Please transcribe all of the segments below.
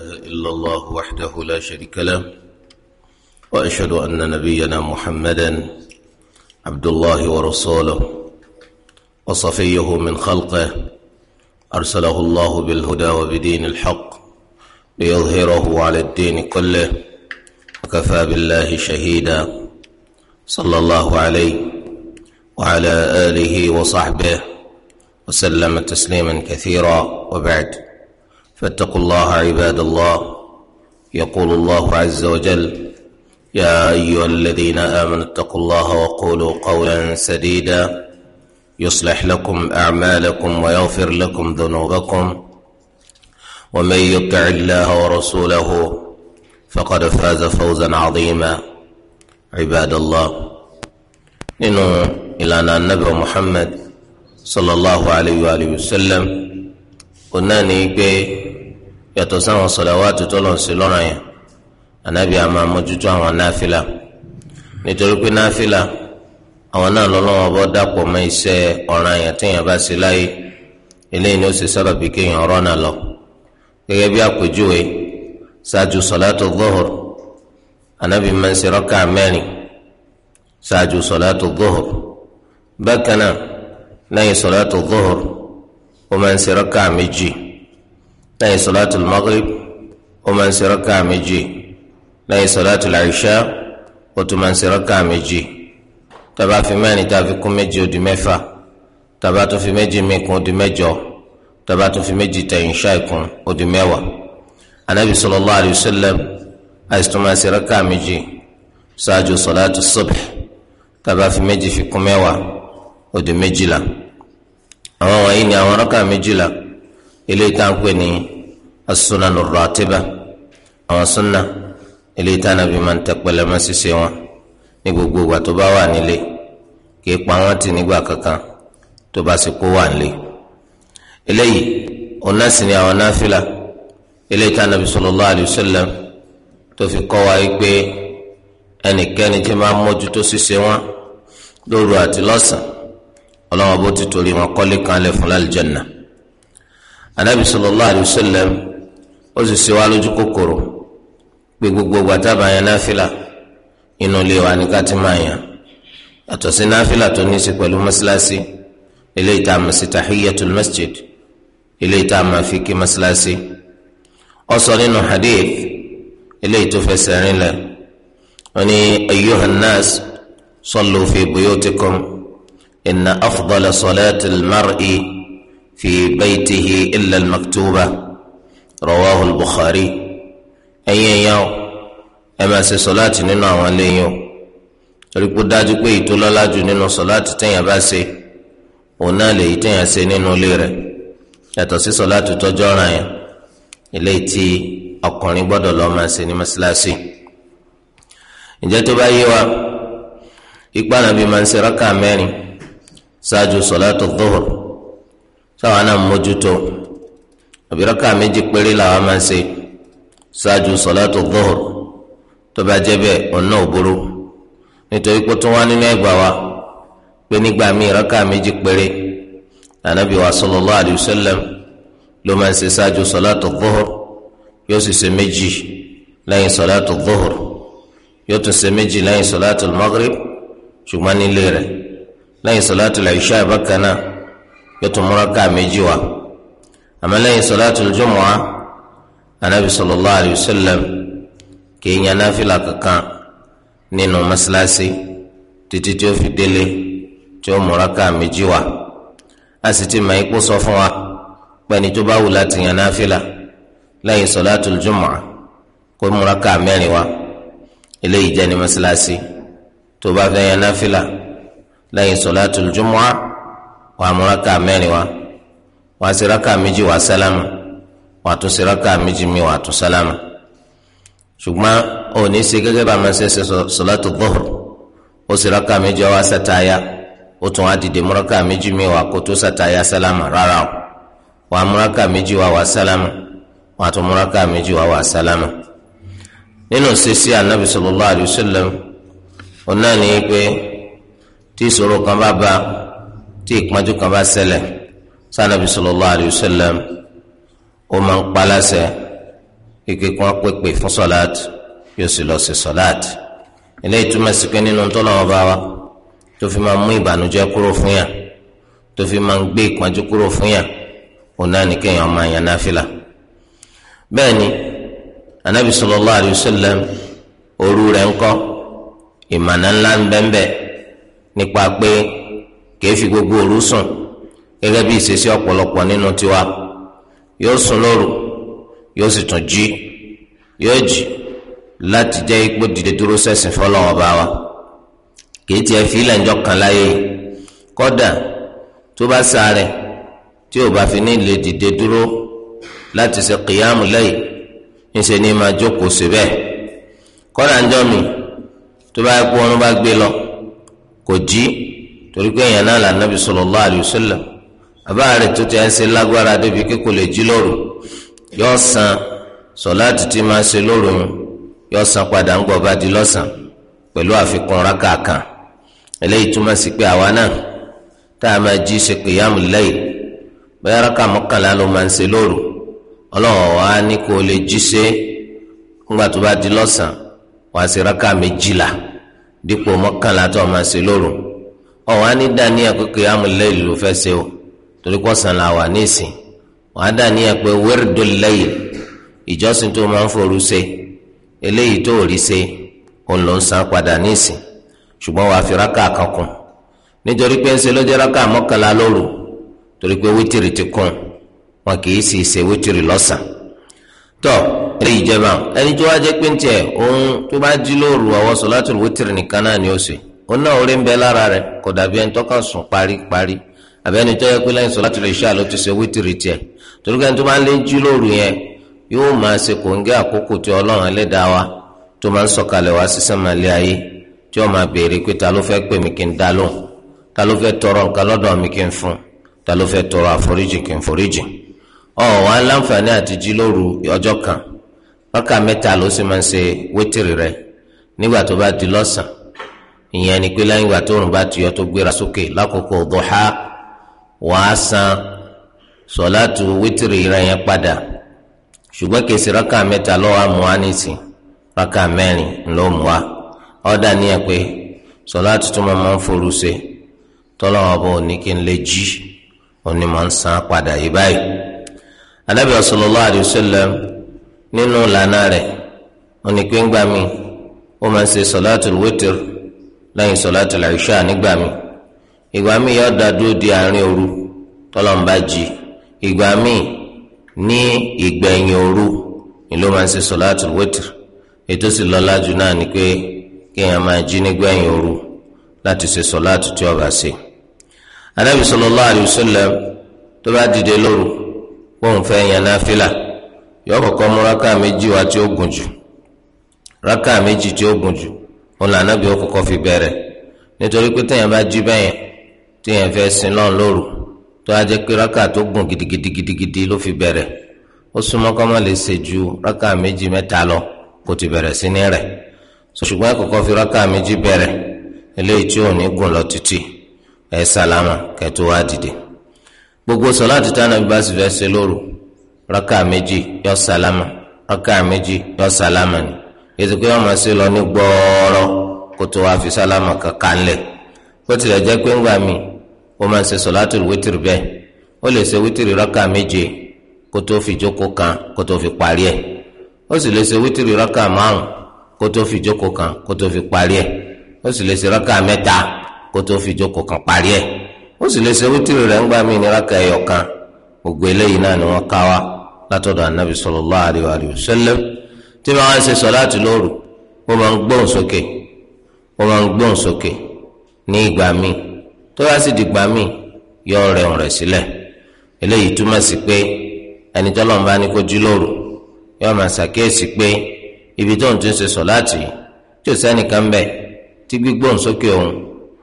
إله إلا الله وحده لا شريك له وأشهد أن نبينا محمدا عبد الله ورسوله وصفيه من خلقه أرسله الله بالهدى وبدين الحق ليظهره على الدين كله وكفى بالله شهيدا صلى الله عليه وعلى آله وصحبه وسلم تسليما كثيرا وبعد فاتقوا الله عباد الله يقول الله عز وجل يا ايها الذين امنوا اتقوا الله وقولوا قولا سديدا يصلح لكم اعمالكم ويغفر لكم ذنوبكم ومن يطع الله ورسوله فقد فاز فوزا عظيما عباد الله الى ان النبي محمد صلى الله عليه واله وسلم قلنا نيكي yàtọ̀ sáwọn sọ̀làwátù tó lọ́n sí lọ́ràn yẹn ànábì àmọ́ àmójútó àwọn náfìlà nítorí pé náfìlà àwọn náà lọ́lọ́wọ́ bọ́ dàpọ̀ mọ́ iṣẹ́ ọ̀ràn yẹn téèyàn bá ṣe láyé eléyìí ni ó sì sọ̀rọ̀ bí kéèyàn rọ́nà lọ gẹ́gẹ́ bí àpèjúwe ṣáájú sọ̀látù dhuhur ànábì máa ń ṣe rọ́kà mẹ́rin ṣáájú sọ̀látù dhuhur bákan náà lẹ́yìn sọ̀látù dhuhur ó máa ń ṣe rọ́kà méjì lẹ́yìn sọláàtù maghrib ó máa ń ṣe rákà méjì lẹ́yìn sọláàtù làìṣá ó tún máa ń ṣe rákà méjì tàbá fi mẹ́rin tàbí kún méjì ó di mẹ́fà tàbá tún fi méjì míì kún ó di mẹ́jọ tàbá tún fi méjì tẹ̀yìn ṣáì kún ó di mẹ́wàá anabi sallallahu alayhi wa sallam àìsàn máa ń ṣe rákà méjì ṣáájú sọláàtù subh tàbá fi méjì fi kún mẹ́wàá ó méjìlá àwọn wọ̀nyí ni àwọn rákà méjìlá eléyìí tá à ń pè ní as-sunanu ratiba àwọn sunna eléyìí tá ànábì máa ń tẹpẹlẹ mọ́ ṣíṣe wọn ní gbogbo ìgbà tó bá wà nílé kì í pa wọn tì nígbà kankan tó bá sì kó wà nílé eléyìí ọ̀nà sì ni àwọn náfìlà eléyìí tá ànábì sallallahu alayhi wa tó fi kọ́ wa pé ẹnikẹ́ni tí máa mójútó ṣíṣe wọn lóru àti lọ́sàn-án ọlọ́wọ́n bó ti torí wọn kọ́lé kan lẹ̀ fún lálùjànnà anabi sallallahu alayhi wa sallam ó sì ṣe wá lójú kòkòrò pé gbogbo gbàtàbà yẹn náfìlà inú ilé wa ní ká ti máa yàn àtọ̀ sí náfìlà tó ní í ṣe pẹ̀lú mọ́ṣáláṣí ilé ìta àmọ́ sí tahiyatul masjid ilé ìta àmọ́ fi kí mọ́ṣáláṣí ó sọ nínú hadith ilé ìtò fẹsẹ̀ rinlẹ̀ wọ́n ní ayyuhan nas sallu fi buyutikum inna afdala salatil mar'i. في بيته إلا المكتوبة رواه البخاري أي يوم أما سي صلاة ننا وليه torípò dájú pé ìtòlọ́lá jù nínú sọláàtì téèyàn bá ṣe òun náà lèyí téèyàn ṣe nínú ilé rẹ̀ yàtọ̀ sí sọláàtì tọ́jú ọ̀ràn yẹn ilé tí ọkùnrin gbọ́dọ̀ lọ́ọ́ máa ṣe ní mọ́ṣáláṣí. ǹjẹ́ tó bá yé wa ipá nàbí máa ń ṣe rákà mẹ́rin ṣáájú sọláàtì dhuhr sáwọn náà mójútó àbírọ́kà méjì péré làwọn máa ń ṣe ṣáájú sọ̀látò dọ́hùr tó bá jẹ́ bẹ́ẹ̀ ọ̀nà òbúrú nítorí pé tó wá nínú ẹgbàá wa pé nígbà míì rọ́kà méjì péré ànábì wa sallallahu alayhi wa sallam ló máa ń ṣe ṣáájú sọ̀látò dọ́hùr yóò sì ṣe méjì lẹ́yìn sọ̀látò dọ́hùr yóò tún ṣe méjì lẹ́yìn sọ̀látò magrib ṣùgbọ́n nílé rẹ̀ lẹ́yìn sọ̀látò làyíṣà bákan yóò tún múra ká méjì wá àmọ́ lẹ́yìn salatul jumu'ah anabi sallallahu alayhi wa sallam kì í yan náfìlà kankan nínú mọ́sálásí títí tí ó fi délé tí ó múra ká méjì wá a sì ti mọ ipò wa pẹ́ni tó bá wù láti yan náfìlà lẹ́yìn salatul jumu'ah kó múra ká mẹ́rin wá eléyìí jẹ́ ní mọ́sálásí tó bá fẹ́ yan náfìlà lẹ́yìn salatul wàá mú raka mẹ́rin wá wàá sí raka méjì wàá sálámà wàá tún sí raka méjì mi wàá tún sálámà ṣùgbọ́n ò ní ṣe gẹ́gẹ́ bá a máa ṣe ṣe sọ̀látù dhuhr ó sì raka méjì wá sàtáyà ó tún wá dìde mú raka méjì mi wàá kó tó sàtáyà sálámà rárá o wàá mú raka méjì wá wàá sálámà wàá tún mú raka méjì wá wàá sálámà nínú ṣíṣí anabi sallallahu alayhi wa sallam ọ̀nà ni pé tí ìṣòro kan bá ba. ba tí ìpọ́njú kan bá ṣẹlẹ̀ sanabi sallallahu alayhi wa sallam ó máa ń paláṣẹ kíkẹ kí wọn pèpè fún sọláàt yóò sì lọ sí sọláàt ilé ìtumọ̀ sí pé nínú tọ́lọ́wọ́ bá wa tó fi máa mú ìbànújẹ́ kúrò fún yàn tó fi máa ń gbé kúrò fún náà ní kéèyàn máa yàn bẹ́ẹ̀ ni alayhi ìmọ̀nà ńlá ń kìí fi gbogbo òru sùn gẹ́gẹ́ bí ìṣesí ọ̀pọ̀lọpọ̀ nínú tiwa yóò sùn lóru yóò sì tún jí yóò jí láti jẹ́ ipò dìde dúró sẹ́sìn fọlọ́wọ́n bá wa kìí tiẹ̀ fi ilẹ̀ ńjọ kan láyé kọ́dà tó bá sáré tí ò bá fi ní lè dìde dúró láti ṣe kìyàmù lẹ́yìn níṣẹ́ ni máa jókòó síbẹ̀ kọ́dà ńjọ́ mi tó bá yẹ bá gbé lọ kò jí torí pé èèyàn náà là nàbì sallallahu alayhi wa sallam bàbá rẹ̀ tó ti ẹ̀ ń ṣe lágbára débi pé kò lè jí lóru yóò san sọláàtì tí máa ṣe lóru yóò san padà ń gbọba di lọ́sàn pẹ̀lú àfikún rákà kan eléyìí túmọ̀ sí pé àwa náà tá a máa jí ṣe qiyamul layl bẹ́ẹ̀ rákà mọ́kànlá ló máa ń ṣe lóru ọlọ́run wa ní kó lè jí ṣe ńgbà tó bá di lọ́sàn wàá ṣe rákà méjìlá dípò mọ́kànlá tó máa ṣe lóru. ọwọ á ní dàníyàn pé kìyàmù lẹ́yìn ló fẹ́ ṣe o torí kọ́ sàn wà ní ìsìn wọ́n á dàníyàn pé wẹ́rẹ́dọ̀ ìjọsìn tó máa ń forú ṣe eléyìí tó rí ṣe òun ló ń san padà ní ìsìn fi rákà kan nítorí pé ń ṣe ló jẹ́ rákà lóru torí pé wítìrì ti kún wọn kì sì ṣe wítìrì ìjẹba ẹni tó wá pé ń òun tó bá jí ona náà ń bẹ lára rẹ̀ kò dàbí ẹni tó kàn sùn paríparí àbẹ́ni tó yẹ pé lẹ́yìn sọ láti lè ṣe ti ṣe wítìrì tiẹ̀ torí kẹ́ni tó bá ń lé jí lóru yẹn yóò máa ṣe kòńgẹ́ àkókò tí wa tó máa ń sọ̀kalẹ̀ wá ayé tí ó máa béèrè pé ta ló fẹ́ pè mí kí n dá lóhùn ta ló fẹ́ tọrọ nǹkan lọ́dọ̀ mi kí n fún ta ló fẹ́ tọrọ àforíjì kí n láǹfààní àti jí lóru ọjọ́ kan bákà mẹ́ta ló sì máa ń ṣe wítìrì nígbà tó bá ìyẹn ni pé lẹ́yìn ìgbà tó òrùn bá ti yọ tó gbéra sókè lákòókò dọ́há wàá san sọ̀láàtù wítìrì rẹ̀ yẹn padà ṣùgbọ́n kèsì rákà mẹ́ta lọ́wọ́ àmú wa rákà mẹ́rin ló mú wa ọ̀dà ni ẹ̀ pé tó máa ń forú ṣe ní kí n lè jí òní máa ń san padà yìí báyìí. lẹ́yìn sọ̀láàtì ìṣá nígbà mi ìgbà mi yóò dá dúró di àárín òru tọ́lọ́mbà jí ìgbà mi ní ìgbẹ̀yìn òru ni ló máa ń ṣe sọ̀láàtì wẹ́tìrì ètò sì lọ́lá jù náà ni pé kéèyàn máa jí nígbẹ̀yìn òru láti ṣe sọ̀láàtì tí ó ṣe. anábì sallallahu alaihi wasallam tó bá dìde lóru kóun fẹ́ yan náfìlà yóò kọ́kọ́ mú rákà méjì wá tí ó gùn jù rákà méjì tí ó gùn jù òun làná bí ó kọ́kọ́ fi bẹ̀rẹ̀ nítorí pé téèyàn bá jí bẹ́yẹn téèyàn fẹ́ sin lọ́n lóru tó a jẹ́ pé rákà tó gùn gidigidigidi ló fi bẹ̀rẹ̀ ó súnmọ́ kọ́ má lè ṣe ju rákà méjì mẹ́ta lọ kó ti bẹ̀rẹ̀ sí ní rẹ̀ ṣùgbọ́n kọ́kọ́ fi rákà méjì bẹ̀rẹ̀ eléyìí tí ò ní gùn lọ títí ẹ sálámà kẹtó wá dìde gbogbo sọláàtì tí Ànábì bá sì fẹ́ ṣe lóru rákà méjì yọ sálámà rákà méjì yọ sálámà ni èsì pé wọn máa ṣe lọ ní gbọọrọ kó tó fi sálámà kankan lẹ bó tilẹ̀ jẹ́ pé ńgbà mi ó máa ṣe sọ̀látùl wítìrì bẹ́ẹ̀ ó lè ṣe wítìrì rákà méje kó tó fi jókòó kan kó tó fi parí ẹ̀ ó sì lè ṣe wítìrì rákà márùn kó tó fi jókòó kan kó tó fi parí ẹ̀ ó sì lè ṣe rákà mẹ́ta kó fi jókòó kan parí ẹ̀ ó sì lè ṣe wítìrì rẹ̀ ńgbà mi ní rákà ẹ̀yọ kan gbogbo eléyìí náà ni wọ́n ká látọ̀dọ̀ Ànábì sallallahu alaihi wa tí wọ́n á ṣe sọ̀láàtì lóru wọ́n máa ń gbóhùn sókè wọ́n máa ń gbóhùn sókè ní ìgbà míì tó bá sì dìgbà míì yọ rẹ̀ ọ̀rẹ́ sílẹ̀ eléyìí túmọ̀ sí pé ẹni tó lọ́n bá ní kó jí lóru yọ máa ṣàkíyèsí pé ibi tó ń tún ṣe sọ̀láàtì yìí tí ò sẹ́nìkan bẹ̀ tí gbígbóhùn sókè òun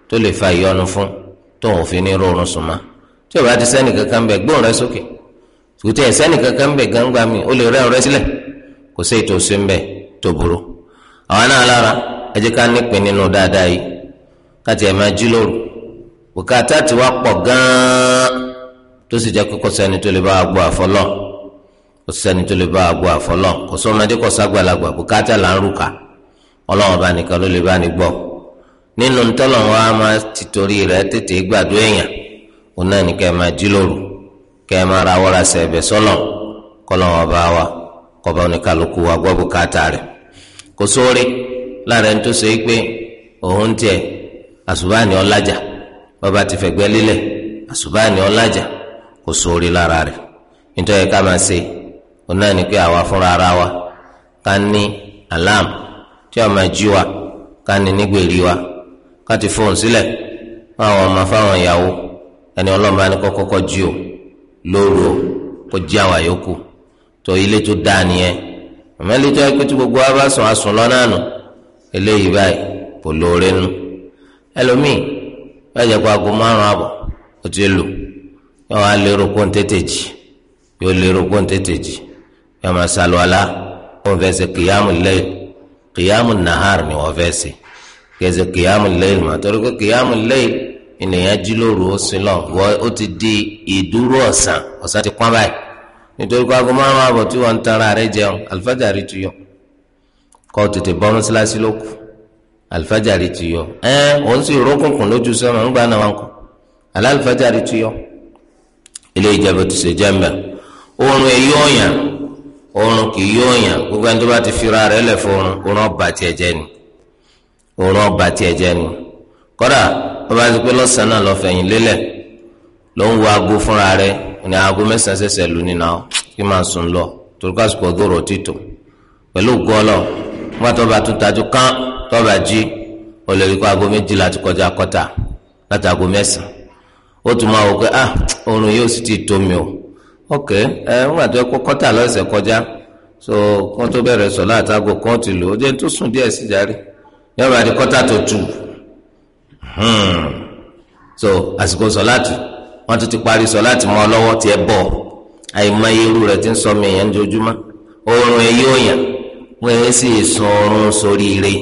tó lè fa ìyọnu fún tó òun fi ní rọrùn sùnmá tí ò bá ti sẹ́nìkan kan bẹ̀ gbóhùn rẹ̀ sókè tòótẹ́ sẹ́nìkan kan bẹ̀ gangba mi ó lè rẹ́ ọ̀rẹ́ sílẹ̀ kò sí ètò sí mbẹ tó burú àwọn náà lára ẹ ká nípìn nínú dáadáa yìí káti ẹ máa jí lóru bùkátà tí wàá gan tó sì jẹ́ kókó sẹ́ni tó lè bá gbọ́ àfọlọ́ kò sẹ́ni tó lè bá gbọ́ àfọlọ́ kò sọ́mọdé kò sàgbàlagbà bùkátà là ń rúkà ọlọ́run bá nìkan ló lè bá ní gbọ́ nínú ntọ́lọ̀ máa ti torí kọba oníkàlùkù wa gbọ́ bùkátà rẹ̀ kò sóore lára ẹni tó ṣe é pé òun tiẹ̀ àṣùbáàní ọlájà bàbá ti fẹ̀gbẹ́ lílẹ̀ àṣùbáàní ọlájà kò sóore lára rẹ̀ nítorí ká máa ṣe òun náà ni pé àwa fúnra ara wa ká ní alam tí a máa jí wa ká ní nígbèrè wa ká ti fóun sílẹ̀ fún àwọn ọmọ fáwọn ìyàwó ẹni ọlọ́mọba ni kọ́kọ́ kọ́ jí o lóru o kó jí àwa yòókù. tó ilé tó dáa nìyẹn àmọ́ tó yẹ tí gbogbo wa bá sùn àsùn lọ́nà nù eléyìí báyìí kò lóore nù ẹlòmíì bá kó aago márùn àbọ̀ ó ti lò yóò wá lérò kó ń tètè jì yóò lérò kó ń tètè jì yóò máa sálọ alá kó ń kìyàmù lẹ́yìn kìyàmù nàhàr ni wọ́n fẹ́ kẹsẹ̀ kìyàmù lẹ́yìn mà torí pé kìyàmù lẹ́yìn jí lóru ó sin lọ wọ́n ó ti di ìdúró ọ̀sán nítorí pé aago márùn àbọ̀ tí wọ́n ń tan ara rẹ̀ jẹun alifájàrí ti yọ kọ́ tètè bọ́ mọ́sálásí ló kù alifájàrí ti yọ ẹ òun sì rókùnkùn lójú sọ́mọ ńgbà náà wọn kù alẹ́ alifájàrí ti yọ ilé ìjẹ́bù ti ṣe jẹ́ mbẹ́ oorun èyí ọ̀yàn oorun kì í yọ̀yàn gbogbo ẹni tó bá ti fira rẹ̀ lẹ̀ fún oorun oorun ọba tiẹ̀ jẹ́ ni oorun ọba tiẹ̀ jẹ́ ni kọ́dà wọ́n ti pé lọ́sàn-án náà lọ́fẹ̀yìn ní aago mẹ́sàn-án ṣẹ̀ṣẹ̀ lù ní náà kí máa sùn lọ torúkọ àsìkò ọgọ́rọ̀ títò pẹ̀lú gọ́ọ̀lọ̀ nígbà tó bá tún tajú kán tó bá jí o rí kó aago méjìlá ti kọjá kọta láti aago mẹ́sàn-án ó tún máa wò pé ah oorun yóò sì ti tó mi o ok ẹ nígbà tó kọ́ kọ́tà lọ́sẹ̀ kọjá so wọ́n tó bẹ̀rẹ̀ sọ̀ láti aago kan ti lò ó jẹ́ tó sùn díẹ̀ sí járe kọ́tà tó tù hmm. so àsìkò sọ̀ láti. wọn tún ti parí sọ láti mọ lọ́wọ́ tiẹ bọ àìmọye irú rẹ ti ń sọ mi èèyàn jojúmọ́ oorun èyí òyàn wọn èyí sì sun oorun sórí ire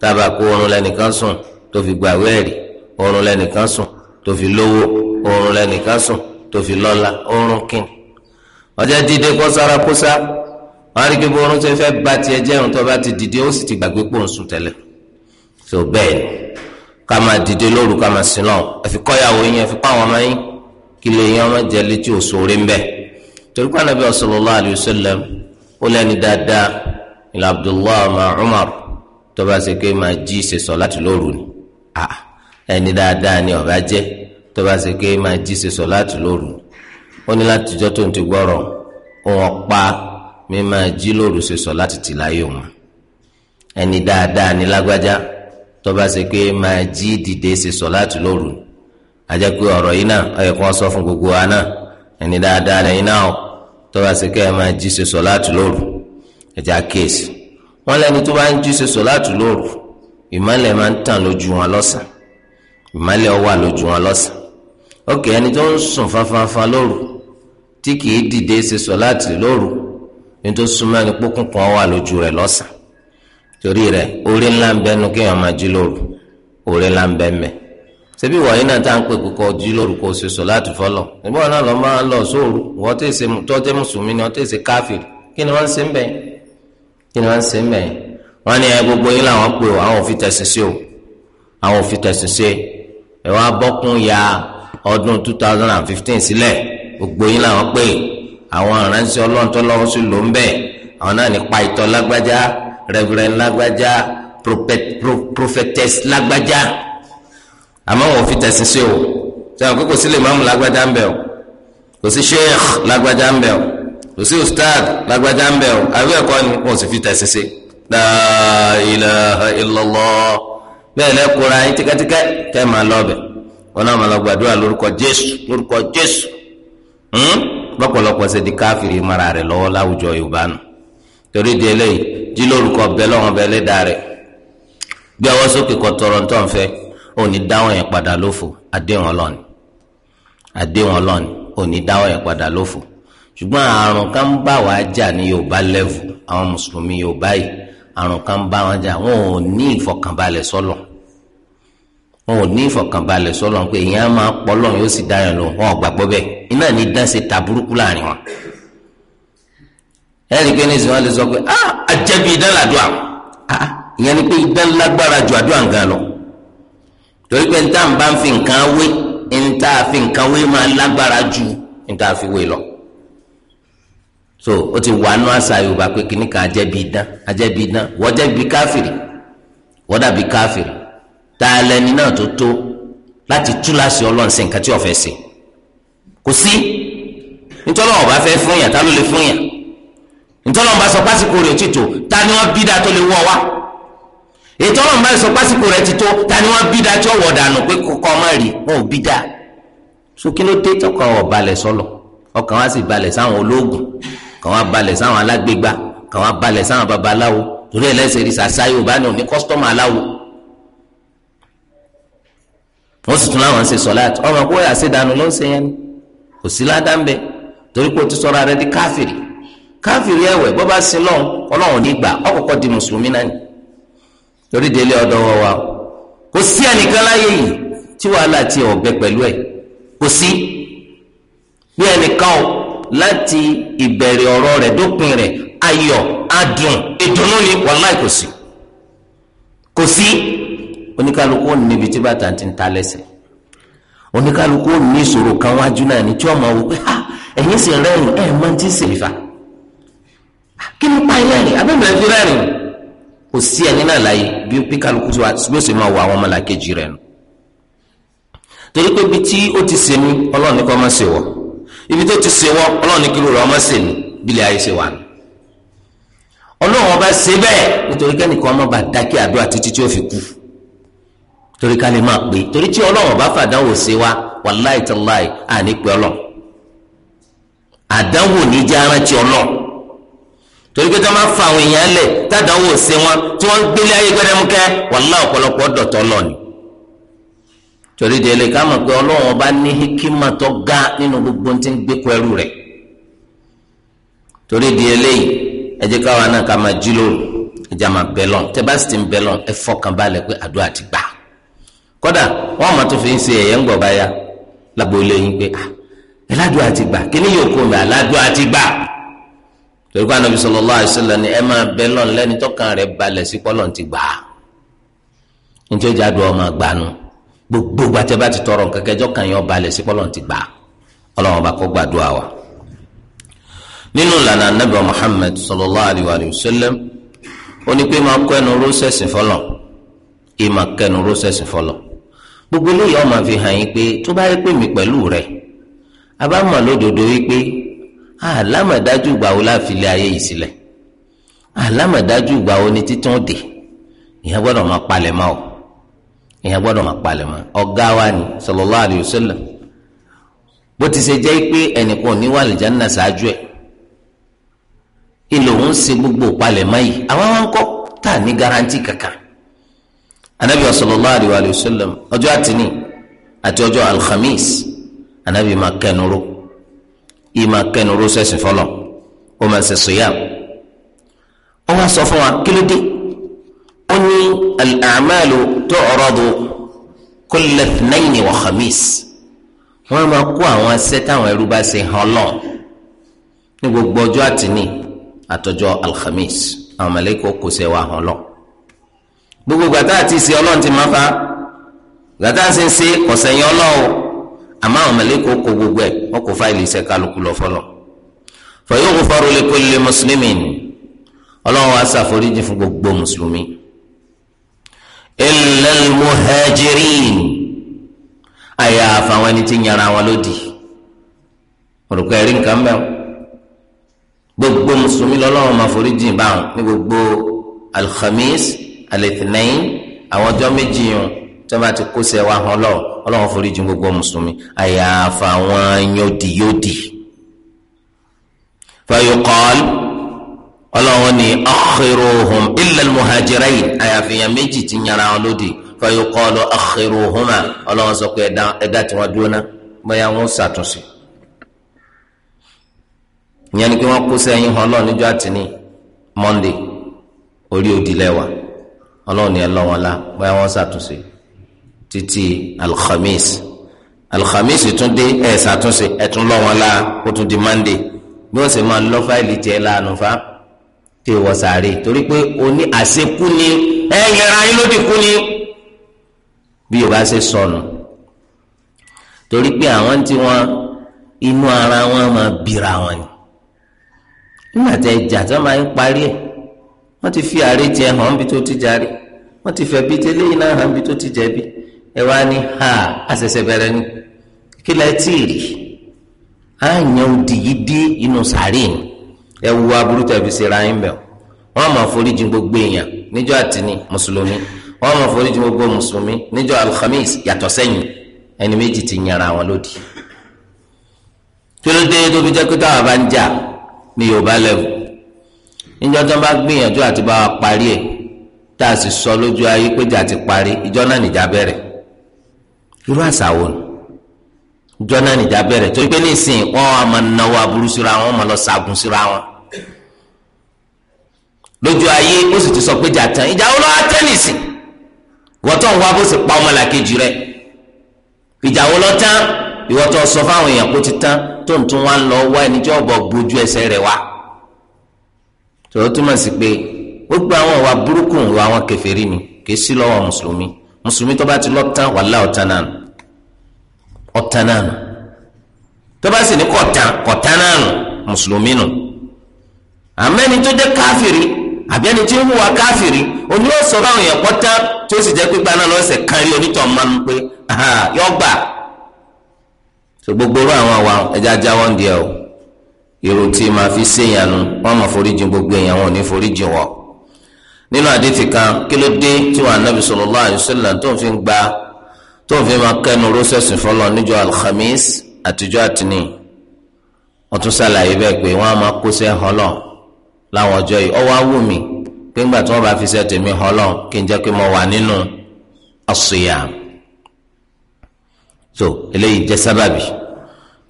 tábà kó oorun lẹnìkan sùn tó fi gbàwé ẹ̀rí oorun lẹnìkan sùn tó fi lówó oorun lẹnìkan sùn tó fi lọ́lá oorun kìn ọjọ́ dídé kó sára kó wọn á rí kí oorun ṣe fẹ́ bá tiẹ̀ jẹun tó bá ti dìde ó sì ti gbàgbé pò ń sùn tẹ́lẹ̀ tó bẹ́ẹ̀ ká máa dìde lóru ká máa sin náà ẹ fi kọ́ ìyàwó yín ẹ fi kọ́ àwọn ọmọ yín kí lè yẹn ọmọ jẹ létí òṣòro ń bẹ torí pé anabi sallallahu alayhi wa sallam ó lẹni dáadáa ilẹ abdullahi ọmọ umar tó bá ṣe pé máa jí ìṣèṣọ láti lóru ni ẹni dáadáa ni ọba jẹ tó bá ṣe pé máa jí ìṣèṣọ láti lóru ni ó ní láti jọ tó ń ti gbọ́rọ̀ òun ọ̀pá mi máa jí lóru ṣèṣọ láti tì láyé òun ẹni dáadáa ni lágbájá tó bá máa jí dìde ṣèṣọ láti lóru ni ajẹ́ pé ọ̀rọ̀ yìí náà ọ̀yẹ̀ kan sọ fún gbogbo wa náà ẹni dáadáa lẹ́yìn náà ọ̀ tó bá sì kẹ́ ẹ máa jí ṣe sọ̀láàtù lóru ẹ̀jẹ̀ àkíyèsí wọ́n lẹ́ni tó bá ń jí ṣe sọ̀láàtù lóru ìmọ̀lẹ̀ máa ń tàn lójú wọn lọ́sàn ìmọ̀lẹ̀ wà lójú wọn lọ́sàn ókè ẹni tó ń sùn fanfanfan lóru tí kìí dìde ṣe sọ̀láàtù lóru ní tó súnmọ́ ẹni pókùn kan wà lójú rẹ̀ lọ́sàn torí rẹ̀ orí ńlá ń bẹnu kéèyàn máa jí lóru orí ńlá ń bẹ́ẹ̀ mẹ́ẹ̀ Sebi wọ̀nyí náà tá à ń pè kókó ojú lórúkọ ṣoṣo láti fọlọ ìbọn náà lọ máa ń lọ sóòrù wọ́n tẹ̀ ṣe tọ́tẹ́ mùsùlùmí ni wọ́n tẹ̀ ṣe káfíìrì kí ni wọ́n ṣe ń bẹ̀ kí ni wọ́n ṣe ń bẹ̀ wọ́n ní ẹ gbogbo yín làwọn pè ó àwọn òfin tẹ̀sìn sí o àwọn òfin tẹ̀sìn sí e. ẹ wá bọ́kún ya ọdún 2015 sílẹ̀ gbogbo yín làwọn pè àwọn aránṣẹ́ ọlọ́ntọ́ lọ́wọ́ sí ló ń bẹ̀ àwọn náà ní pa ìtọ́ lágbájá rẹ̀vẹ̀rẹ̀ àmọ́ wọn ò fi tẹ̀sí sí o sẹ́wọ̀n kókò sí lè máàmù lágbájá ń bẹ̀ o kò sí sheikh lágbájá ń bẹ̀ o kò sí ustad lágbájá ń bẹ̀ o àbí ẹ̀kọ́ ni wọn sì fi tẹ̀sí sí la ilaha illallah bẹ́ẹ̀ lẹ́kùnrin ayé tíkẹ́tíkẹ́ kẹ́ máa lọ bẹ̀ wọn náà máa lọ gbàdúrà lórúkọ jésù lórúkọ jésù hmm? lọ́pọ̀lọpọ̀ ṣe di káfíìrì mara rẹ̀ lọ́wọ́ láwùjọ yorùbá nù torí di eléyìí jí lórúkọ bẹ́ẹ̀ lọ́wọ́ bẹ́ẹ̀ lé dáa rẹ̀ bí ọwọ́ sókè kọ́ tọrọ ń òní dáwọn yẹn padà lófo àdéhùn ọlọ́ni àdéhùn ọlọ́ni òní dáwọn yẹn padà lófo ṣùgbọ́n àrùn kan ń bá wa jà ní yorùbá lẹ́vù àwọn mùsùlùmí yorùbá yìí àrùn kan ń bá wọn jà wọn ò ní ìfọkànbalẹ̀ sọ́lọ̀ wọn ò ní ìfọkànbalẹ̀ sọ́lọ̀ pé èèyàn máa pọ̀ lọ́n yóò sì dáyàn lọ wọn ò gbàgbọ́ bẹ́ẹ̀ iná ní dáṣe ta burúkú láàrin wọn. ẹ̀rí pé níṣẹ́ wọn lè sọ pé ah àjẹbí ìdánládùá ah, ìyẹn ni pé ìdánlágbára ju àdúrà ń ga lọ torí pé níta bá ń fi nǹkan wé níta fi nǹkan wé máa lágbára ju níta fi wé lọ so ó ti wà nú àṣà yorùbá pé kíní kan ajẹ́bi idán ajẹ́bi idán wọ́n jẹ́bi káfìrì wọ́n dàbí káfìrì tá a lẹni náà tó tó láti túláṣì ọlọ́run sí nǹkan tí ọ̀fẹ́ sí kò sí nítorí ọ̀bá fẹ́ fún yàn tá ló lè fún yàn nítorí ọ̀bá sọ pásíkò rẹ̀ títò ta ni wọ́n bí dáa tó lè wọ́ wa ètò ọlọ́run bá sọ pásìkò rẹ ti tó ta ni wọ́n bí da tí ọ̀wọ́ dànù pé kọ́kọ́ má rí wọn ò bí da so kí ló dé tọkọ ọ̀ balẹ̀ sọlọ ọkàn wa sì balẹ̀ sáwọn ológun kàn wá balẹ̀ sáwọn alágbègbà kàn wá balẹ̀ sáwọn babaláwo torí ẹlẹ́sẹ̀ rí sàṣà yorùbá ni òní kọ́sítọ́mù aláwo wọ́n sì tún láwọn ń ṣe sọ́láàtì ọmọ kó yà ṣèdánù ló ń ṣe yẹn ni kò sí ládàá ń bẹ torí pé ti sọ̀rọ̀ rẹ di káfìrí káfìrí ẹ̀wẹ̀ bọ́ bá sin lọ́hùn ọlọ́run nígbà ọkọ̀ọ̀kọ̀ di mùsùlùmí náà ni torí délé ọ̀dọ̀ wọn wa kò sí ẹnìkan láyé yìí tí wàhálà ti ọgbẹ pẹ̀lú ẹ kò sí bí ẹnìkan o láti ìbẹ̀rẹ̀ ọ̀rọ̀ rẹ̀ dópin rẹ̀ ayọ̀ adùn ìdùnnú ni wàhálà kò sí kò sí oníkálukú òní níbi tí bàtà ti ń ta lẹ́sẹ̀ oníkálukú òní ìṣòro kan wájú náà ni tí ọmọ wò pé ha ah, ẹ̀yin sì rẹ́rìn ẹ̀ máa ti ṣèlú fa ah, kí ló pa ilé rẹ̀ abẹ́bẹ̀rẹ̀ fi rẹ́rìn kò sí ẹni náà láyé bí kálukú tí wàá bí ó sì máa wọ àwọn ọmọlàkejì rẹ̀ nù torí pé ibi tí ó ti ṣe mí ọlọ́run ní kó má ṣe wọ ibi tó ti ṣe wọ ọlọ́run ní kí ló rọ ọmọ ṣe ní bílẹ̀ ayé ṣe wà ní ọlọ́run ọba ṣe bẹ́ẹ̀ nítorí kẹ́nìkan ọmọ bá dákẹ́ àdúrà títí tí ó fi kú torí ká lè máa pè torí tí ọlọ́run ọba fàdánwò ṣe wá wàláì tàláì àní pé ọlọ́run àdánwò ní jẹ́ arántí torí pé fa àwọn èèyàn lẹ̀ tádàáwò sí wọn tí wọ́n gbélé ayé gbẹdẹmukẹ́ wàlá ọ̀pọ̀lọpọ̀ dọ̀tọ̀ lọ ni. torí délé ká mọ̀ pé ní hikima ga nínú gbogbo tí ń gbé kọ rẹ̀ torí délé yìí ẹ káwa náà ká máa jí lóru ẹ máa bẹ̀ lọ́n tẹ́ bá sì ti ń ẹ fọkàn balẹ̀ pé fi ń torí pé sọlọlọ sallallahu alaihi ni ẹ máa bẹ lọ́n lẹ́ni tọ́kàn rẹ balẹ̀ sí pọ́lọ́n ti gbà á nítorí jáde ọmọ àgbàánu gbogbo gbàtẹ́ bá ti tọrọ nǹkan kẹjọ kan yọ balẹ̀ sí pọ́lọ́n ti gbà á bá gbàdúrà wa. nínú ìlànà muhammed sallallahu alaihi ó ní pé máa ẹnu fọlọ kẹnu gbogbo eléyìí ọmọ fi hàn yín pé tó bá yẹ pé mi àlámọ̀dájú ìgbà wo láfilẹ̀ ayé yìí sílẹ̀ àlámọ̀dájú ìgbà wo ni títún dè ìyẹn gbọ́dọ̀ máa palẹ̀ mọ́ ọ ìyẹn gbọ́dọ̀ máa palẹ̀ mọ́ ọ̀gá wa ni sallallahu alayhi wa sallam bó ti ṣe jẹ́ pé ẹnìkan ní wà lìjánná ṣáájú ẹ̀ ilé òun ṣe gbogbo palẹ̀ mọ́ yìí àwọn wọn kọ́ tà ní garanti kankan anabi sallallahu alayhi ọjọ́ àtìní àti ọjọ́ alhamis anabi máa ìmà kẹnu rọ́sẹ̀sì fọlọ̀ ó máa ṣe siyam ó wá sọ fún wa kí ló dé ó ní al-a'malu tu'radu kulla ithnaini wa khamis wọ́n máa kó àwọn ẹsẹ́ táwọn ẹrú bá ṣe hàn lọ ní gbogbo ọjọ́ àtìní àtọjọ́ alhamis àwọn mọ̀lẹ́kọ̀ kò ṣe wá hàn lọ gbogbo gbàtà àti ìṣe ọlọ́run ti máa fa gbàtà ṣe ń ṣe kọ̀sẹ̀yìn ọlọ́run àmọ́ àwọn mẹlẹkọ kó gbogbo ẹ wọn kó fáìlì iṣẹ́ kálukú lọ fọlọ. fa yughfaru li kulli muslimin ọlọ́run wa ṣàforíjì fún gbogbo mùsùlùmí. illa al-muhajirin àyà àfàwọn ẹni tí ń yàrá wọn lódì òrùka ẹ̀rí nǹkan mẹ́wọ́ gbogbo mùsùlùmí lọ́lọ́run máa foríjì báwọn ní gbogbo alhamis alethinain àwọn ọjọ́ méjì yẹn tí wọ́n bá ti kó sẹ́wà hàn lọ́wọ́ ọlọ́run forí jìn gbogbo mùsùlùmí àyàfà àwọn yódìyódì. fayokọ́l ọlọ́run ní akhiruhum illa almuhajirain àyàfi yẹn méjì ti yàrá wọn lódì fayokọ́l akhiruhuma ọlọ́run sọ pé ẹ̀dá tí wọ́n dúró náà bóyá wọ́n ṣàtúnṣe ìyẹn ni pé wọ́n kó sẹ́yìn hàn lọ níjọ́ àtìní monday orí òdì lẹ́wà ọlọ́run ni ẹ lọ wọn bóyá wọ́n ṣàtúnṣe Titi, alhamis alhamis tún dé ẹ ṣàtúnṣe ẹ tún lọ wọn la ó tún di mande bí wọn sì máa lọ fáìlì tiẹ̀ láàánú fa tí ìwọ sàárè torí pé o ní àṣekú ni ẹ yẹra yín lódì kú ni bí yorùbá ṣe sọnù torí pé àwọn tí wọn inú ara wọn máa bira wọn ni nígbà tẹ ìjà tí wọn máa ń parí ẹ wọn ti fi àárẹ jẹ hàn bí tó ti jarí wọn ti fẹbi tẹ́lẹ̀ yìí náà hàn bí tó ti jẹ̀bi ẹ wá ha àṣẹ̀ṣẹ̀ bẹ̀rẹ̀ ni kí lẹ tí ì rí á yàn òdì yìí dé inú sàárè ni ẹ wo aburú tẹbi sí ra yín bẹ wọn àmọ́ àforíjì gbogbo èèyàn níjọ́ àtìní mùsùlùmí wọn àmọ́ àforíjì gbogbo mùsùlùmí níjọ́ alhamis yàtọ̀ sẹ́yìn ẹni méjì ti yànra wọn lódì kí tó fi jẹ́ pé táwa bá ń jà ní yorùbá lẹ́wù níjọ́ tó bá gbìyànjú àti bá wa parí ẹ̀ tá a sì sọ lójú ayé pé jà ti parí ìjọ náà nìjà bẹ̀rẹ̀ irú àṣà wo ni jọ́nà nìjà bẹ̀rẹ̀ torí pé nísìnyí wọ́n á máa náwó aburú síra wọn máa lọ ṣaagun síra wọn lójú ayé ó sì ti sọ pé jàtàn ìjà wo lọ́wọ́ tẹ́nìsì wọ́tọ̀ ń wá bó sì pa ọmọlàkejì rẹ̀ ìjà wo lọ́ tán ìwọ́tọ̀ sọ fáwọn èèyàn kó ti tán tó ń tún wá ń lọ wá ẹni tí ọ̀bọ̀ gbójú ẹsẹ̀ rẹ̀ wá tòótúmọ̀ sí pé ó gba àwọn ìwà burúkú ìwà àwọn kèfèrí ni kì í sí lọ́wọ́ mùsùlùmí mùsùlùmí tó bá ti lọ tán wàhálà ọ̀tá náà nù ọ̀tá náà nù tó bá sì ní kọ̀tá kọ̀tá náà nù mùsùlùmí nù àmẹ́ni tó jẹ́ káfìrí àbí ẹni tí ń hùwà káfìrí oní ọ̀sọ̀ báwọn èèyàn pọ́tá tí ó sì jẹ́ pípa náà lọ́sẹ̀ kárí onítọ̀ máa pé yọ gbà tó gbogbo orú àwọn àwa ẹja jáwọ́ ń di o èrò tí màá fi séyàn nu wọ́n máa foríjì gbogbo èèyàn wọn ò ní foríjì wọ́n nínú àdìtì kan kí ló dé tí wọn ànábì sallallahu alaihi wasallam tó ń fi gba tó ń fi máa kẹnu rọ́sẹ̀sì fọlọ́ níjọ́ alhamis àtijọ́ àtìní wọn tún ṣàlàyé bẹ́ẹ̀ pé wọn á máa kó sẹ́ họlọ́ láwọn ọjọ́ yìí ọwọ́ awù mí pé ńgbà tí wọn bá fi sẹ́ tèmi họlọ́ kí n jẹ́ pé mo wà nínú as-siyam so eléyìí jẹ́ sábàbí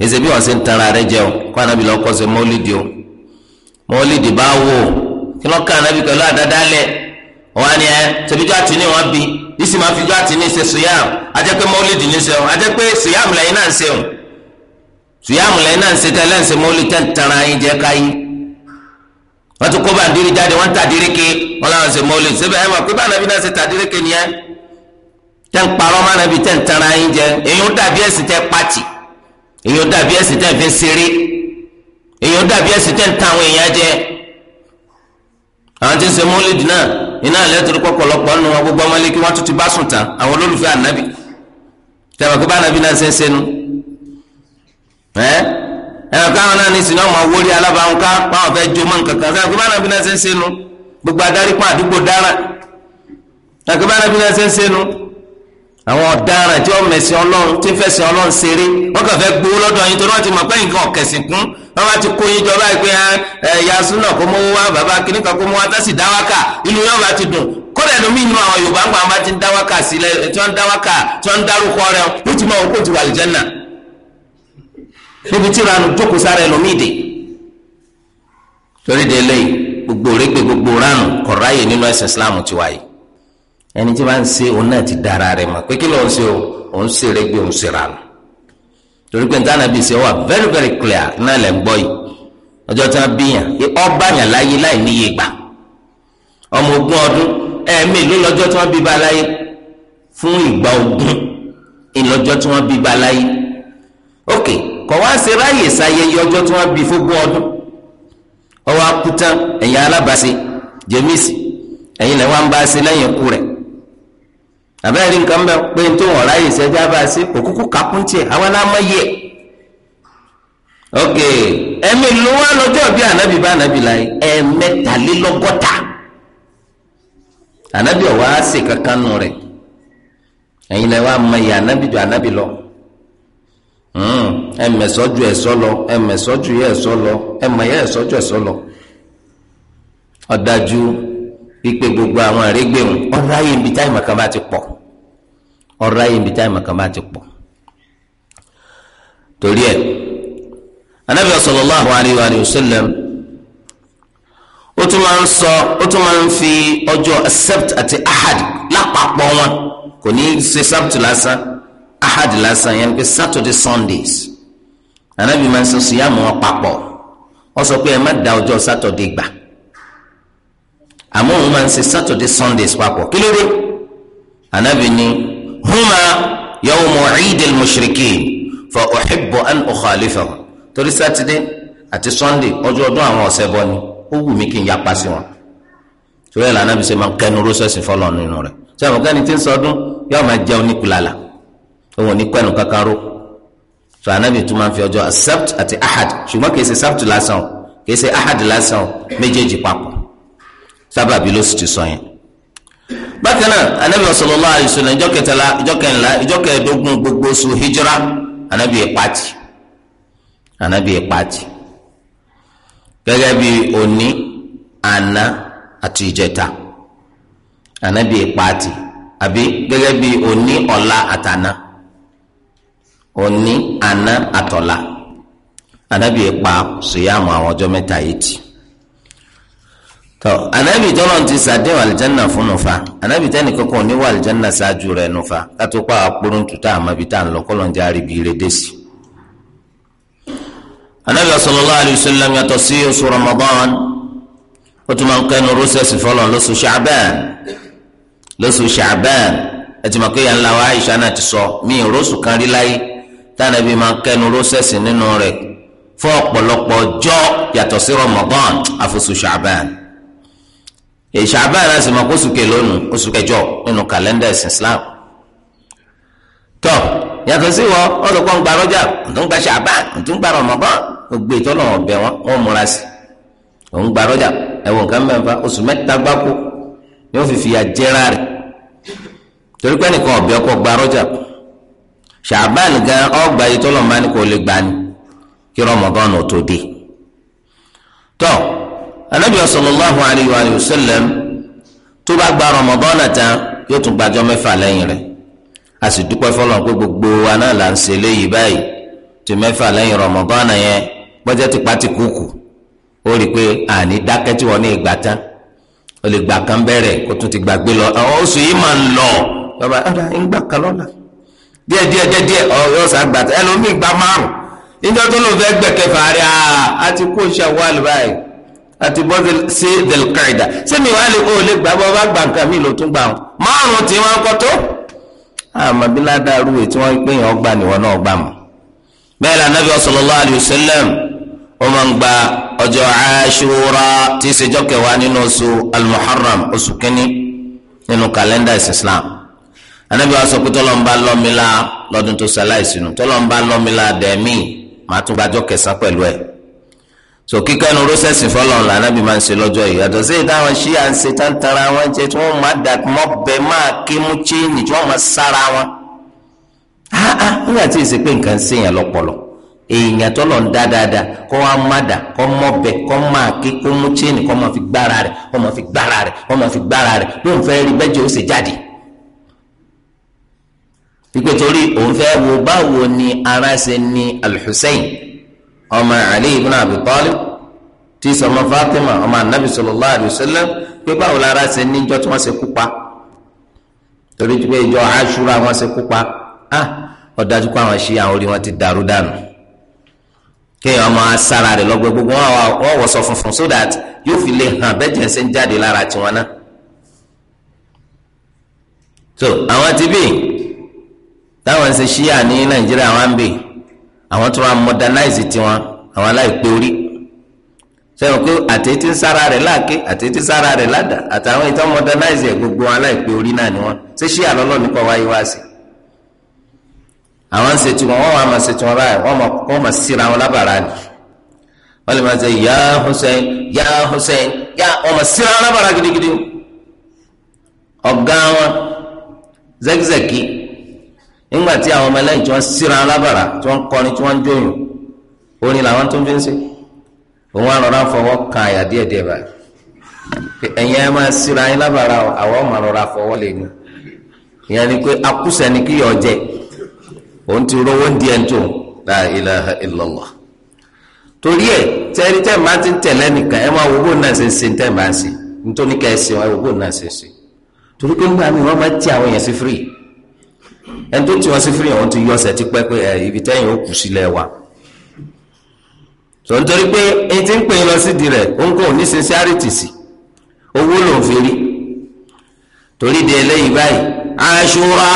èsì bí wọn ṣe ń tara rẹ jẹ o kó ànábì lọ́kọ́ sẹ́ mọ́lídìí o mọ́lídìí bá wò ó kí lọ́ọ́ kàn nábì pẹ̀lú àdádálẹ̀ wọn ni ẹ tẹ̀bíjọ́ àtìní wọn bi ìsì máa fi jọ́ àtìní ṣe sùyàm ajẹ́ pé mọ́lìdì ní sẹ́wọ̀n ajẹ́ pé sùyàm lẹ́yìn náà ń sẹ́wọ̀n sùyàm lẹ́yìn náà ń ṣe tẹ́lẹ̀ ń ṣe mọ́lìdì tẹ́ ń tara yín jẹ́ káyí wọ́n ti kó bàndírí jáde wọ́n ń tàdíríkè wọ́n láwọn ṣe mọ́lìdì síbẹ̀ ẹ̀ mọ̀ pé bànábì náà ṣe tàdíríkè nìyẹn tẹ́ ń parọ́ mọ́nàbí tẹ́ ń tara yín jẹ èyí ó dàbí ẹ̀sìn tẹ́ pàtì èyí ó dàbí ẹ̀sìn tẹ́ fi ń ṣeré èyí ó dàbí ẹ̀sìn tẹ́ ń ta àwọn èèyàn jẹ àwọn tí ń ṣe mọ́lẹ́dì náà iná ilẹ̀ torí pọ̀pọ̀lọpọ̀ nínú wọn gbogbo ọmọlẹ́ kí wọ́n tún ti bá sùn tán àwọn olólùfẹ́ ànábì tẹ̀wọ̀ kí bá ànábì náà ṣe ń sẹ́nu ẹ́ ẹ̀rọ káwọn náà ní sinú ọmọ wórí alábàáńká báwọn fẹ́ jó mọ́ nǹkankan tẹ̀wọ̀ kí bá ànábì náà ṣe ń sẹ́nu gbogbo adarí pọ̀ àdúgbò dára tẹ̀wọ̀ kí bá ànábì náà ṣe ń sẹ́nu àwọn ọ̀daràn tí wọ́n mẹ̀sìn ọlọ́run tí ń fẹ̀sìn ọlọ́run ṣeré wọ́n kàn fẹ́ gbowó lọ́dọ̀ yín torí wọ́n ti mọ̀ pé nǹkan ọ̀kẹ̀sìn kún wọ́n bá ti kó yín jọba ìpè ẹ̀yà súnà kó mọ́ wá bàbá kan kó mọ́ wá dáwákà inú yóò bá ti dùn kódà ẹlòmíì nínú àwọn yorùbá ń gbà wọn ti ń dáwákà tí wọ́n ń dáwákà tí wọ́n ń dárúkọ ó ti ẹni tí wọ́n ṣe òun náà ti dára rẹ̀ mọ̀ pé kí ló ń ṣe o òun ṣe rẹ gbé òun ṣe nù torí pé nítorí àbí ṣe wà very very clear náà lẹ́ ń gbọ́ yìí ọjọ́ tí wọ́n bíyàn ọba yàn láyé láì níye gbà ọmọ ogún ọdún ẹ̀ẹ́mì ló lọ́jọ́ tí wọ́n bí ba láyé fún ìgbà ogún ìlọ́jọ́ tí wọ́n bí ba láyé ok kọ̀ wá ṣe ráyè ṣayẹyẹ ọjọ́ tí wọ́n bí fógún ọdún ọwọ́ akútán ẹ̀yin alábàáṣe jẹ́mísì ẹ̀yin lẹ́wọ́n bá ṣe lẹ́yìn ikú rẹ̀ àbẹ́rẹ́ rí nǹkan bẹ́ẹ̀ pé tó wọ̀n ráyè ìṣẹ́jà bá a sí òkúkú kápúntì àwọn alámọ̀yẹ. ok ẹ̀mí ló wá lọ́jọ́ bí ànábì bá anabi láyé ẹ̀ẹ́mẹ́talélọ́gọ́ta Anabi ọ̀wá ṣe kankan nù rẹ̀ ẹ̀yin lẹ́wọ́ amọ̀yẹ anabi ju anabi lọ hmm, ẹ̀mẹ̀sọ́ Emesọju ẹ̀sọ́ lọ ẹ̀mẹ̀sọ́ ẹ̀sọ́ lọ wípé gbogbo àwọn àrégbèmù ọ̀rọ̀ ayé ibi táyì màkàn bá ti pọ̀ ọ̀rọ̀ ayé ibi táyì màkàn bá ti pọ̀ torí ẹ̀ anabi sallallahu alayhi wa sallam ó tún máa ń sọ ó tún máa ń fi ọjọ́ sept àti ahad lápapọ̀ wọn kò ní í ṣe sept lásán ahad lásán yẹn pé saturday sundays anabi máa ń sọ síyàmù wọn papọ̀ ó sọ pé ẹ má da ọjọ́ saturday gbà àmọ́ òun máa ń ṣe saturday sundays papọ̀ kí ló dé anabi ni huma yawmu eid al-mushrikin fa uhibbu an ukhalifahum torí saturday àti sunday ọjọ́ ọdún àwọn ọ̀sẹ̀ bọ́ ni ó wù mí kí n yapa sí wọn torí ẹ̀ lànà bí ṣe máa ń kẹnu rọ́ṣẹ̀sì fọlọ́ nínú rẹ̀ ṣé àwọn kẹ́ni tí ń sọdún yóò máa jẹun ní òun ò ní kẹ́nu kankan ró tó ànábì tó máa ń fi ọjọ́ accept àti ahad ṣùgbọ́n kì í ṣe accept lásán kì í ṣe ahad lásán méjèèjì papọ̀ sábàbí ló sì ti sọ yẹn. bákan náà anabi sallallahu alaihi wasallam ìjọ kẹtàlá ìjọ kẹrìnlá ìjọ kẹẹ̀ẹ́dógún gbogbo oṣù hijira anabi ìpàtì anabi ìpàtì gẹ́gẹ́ bí òní àná àti ìjẹta anabi ìpàtì àbí gẹ́gẹ́ bí òní ọ̀la àtàná òní àná àtọ̀la anabi ìpa sùyàmù àwọn ọjọ́ mẹ́ta yìí ti tọ anabi tọ́lọ̀ ti sàdé wà alìjánná fún nufa anabi tẹ́ni kankan ní wà alìjánná ṣáájú rẹ̀ nufa kátó pa àkpọ́rọ̀ tuta àmàbi tá à ń lọ kọ́lọ̀ ń jẹ́ àríbi rẹ̀ dẹ́sì. anabi sallallahu alayhi wa sallam yàtọ̀ sí oṣù ramadan ó tún máa ń kẹ́nu rọ́sẹ̀sì fọlọ́ lóṣù ṣàbẹ́ẹ̀n lóṣù ṣàbẹ́ẹ̀n ẹ ti mọ̀ pé yàn láwa Aisha náà ti sọ mí rọ́ṣù kan rí láyé tánàbí máa ń kẹ́nu nínú rẹ̀ fún ọ̀pọ̀lọpọ̀ ọjọ́ yàtọ̀ sí ramadan àfọṣù ṣàbẹ́ẹ̀n Ṣàbáàn náà sì mọ̀ kó oṣù kẹlónù oṣù kẹjọ nínú kàlẹ́ndà ẹ̀sìn Islam tọ́ yàtọ̀ sí wọ ọlọ́kọ́ ń gba rọ́jà tó ń gba Ṣàbáàn tó ń gba Ramadan gbogbo ìtọ́nà ọ̀bẹ wọn wọn múra sí òun gba rọ́jà ẹ̀wọ̀n nǹkan mẹ́fà oṣù mẹ́ta gbáko ni wọ́n fi fìyà jẹ́ra rẹ̀ torí pé nìkan ọ̀bẹ ọkọ̀ gba rọ́jà Ṣàbáàn anabi sallallahu alayhi wa sallam tó bá gba rọmọbọ́nà tán yóò tún gbàjọ́ mẹ́fà lẹ́yìn rẹ̀ a sì dúpẹ́ fọlọ́n pé gbogbo wa náà là ń ṣe léyìí báyìí ti mẹ́fà lẹ́yìn rọmọbọ́nà yẹn gbọ́jẹ́ ti pati kúkú ó rí i pé àní dákẹ́ tí wọ́n ní ìgbà tán ó lè gbà kan bẹ̀rẹ̀ kó tún ti gbàgbé lọ àwọn oṣù yìí máa ń lọ bàbá ara ń gbà kan lọ́la díẹ̀ díẹ̀ díẹ̀ díẹ̀ ọ̀rọ̀ sàgbàtà ẹlòmíì gba márùn-ún níjọ́ tó lò fẹ́ gbẹ̀kẹ́ fàárẹ̀ àti kó ṣàwọ́ àlùbáyìí àti bọ́ sí delkaida sẹ́mi wàá lè kó o lè gbà bọ́ bá gbà nǹkan mi ló tún gbà wọn márùn tí wọ́n kọ́ tó àmọ́ bí ládàrú èyí tí wọ́n pè yàn ọgbà nìwọ́n náà gbà mọ́ bẹ́ẹ̀ ni anabi sallallahu alayhi ó máa ń gba ọjọ́ aṣúra tí í kẹwàá nínú oṣù almuharram oṣù kínní nínú kàlẹ́ndà islam anabi wa sọ pé tọ́lọ́mbà lọ́mìlá lọ́dún tó ṣaláìsínú tọ́lọ́mbà lọ́mìlá dẹ̀mí màá tún gbàjọ́ kẹsàn pẹ̀lú ẹ̀ so kíkanu rọ́sẹ̀sì fọlọ́n lànàbí máa ń ṣe lọ́jọ́ yìí yàtọ̀ sí ìdáhùn ṣí à ń ṣe tántara wọn jẹ tí wọ́n máa dà mọ́ bẹ máa ké mú chéènì tí wọ́n máa sára wọn. áá nígbà tí èsì pé nǹkan ń ṣèyàn lọ́pọ̀lọ́ èèyàn tó lọ ń dá dáadáa kó wá má dà kó mọ́ bẹ kó máa ké kó mú chéènì kó máa fi gbára rẹ̀ kó máa fi gbára rẹ̀ kó máa fi gbára rẹ̀ ló ń fẹ́ rí bẹ́jẹ̀ ó sì jáde. ìpè torí òun fẹ́ wo báwo ni ara ṣe ni al ọmọ Ali ibn Abi Talib tí sọmọ Fatima ọmọ anabi sallallahu alayhi wa sallam pé báwo lára ṣe níjọ tí wọ́n ṣe kú pa torí pé ìjọ Ashura wọ́n ṣe kú pa ah ọ̀dájú pé àwọn ṣí àwọn orí wọn ti dàrú dànù kéèyàn máa sára rẹ̀ lọ́gbẹ́ gbogbo wọn wọ̀ sọ funfun so that yóò fi lè hàn bẹ́ẹ̀ jẹ́ ṣe ń jáde lára tiwọn náà so àwọn ti bí táwọn ṣe ṣíyà ní Nàìjíríà wọn ń àwọn tó máa modernize tiwọn àwọn aláìpé orí sẹ́wọ̀n pé àtẹ̀tí sára rẹ̀ láàké àtẹ̀tí sára rẹ̀ ládàá àtàwọn ìtàn modernize ẹ̀ gbogbo aláìpé orí náà ni wọ́n ṣé ṣí àlọ́lọ́ nípa wáyé wá sí. àwọn ń ṣe tiwọn wọn wà máa ṣe tiwọn báyìí wọn máa síra wọn lábàrá ni wọn lè máa ṣe yá Hussein yá Hussein yá wọn máa síra wọn lábàrá gidigidi ọ̀gá wọn zẹ́gizẹ́gi. nígbà tí àwọn ọmọ ẹlẹ́yìn tí wọ́n síra alábàrà tí wọ́n kọrin tí wọ́n ń jóyún orin làwọn tó ń fi ń ṣe òun àrọ̀rá fọwọ́ kan àyà díẹ̀ díẹ̀ báyìí ẹ̀yin ẹ máa síra yín lábàrà ni pé ni kí yọ jẹ òun ti rówó ń di ẹ̀ ń la ilaha illallah torí ẹ tẹ́rí tẹ́ máa ti tẹ̀lé nìkan ẹ máa ẹni tó tí wọn sí firi àwọn ti yọ ọsẹ tipẹ́ pé ẹ ibi tẹ̀yìn ó kù sílẹ̀ wa tó ń torí pé ẹni tí ń pè é lọ sí di rẹ̀ nǹkan ò ní sincerity sí owó ló ń fi rí torí di eléyìí báyìí aṣọra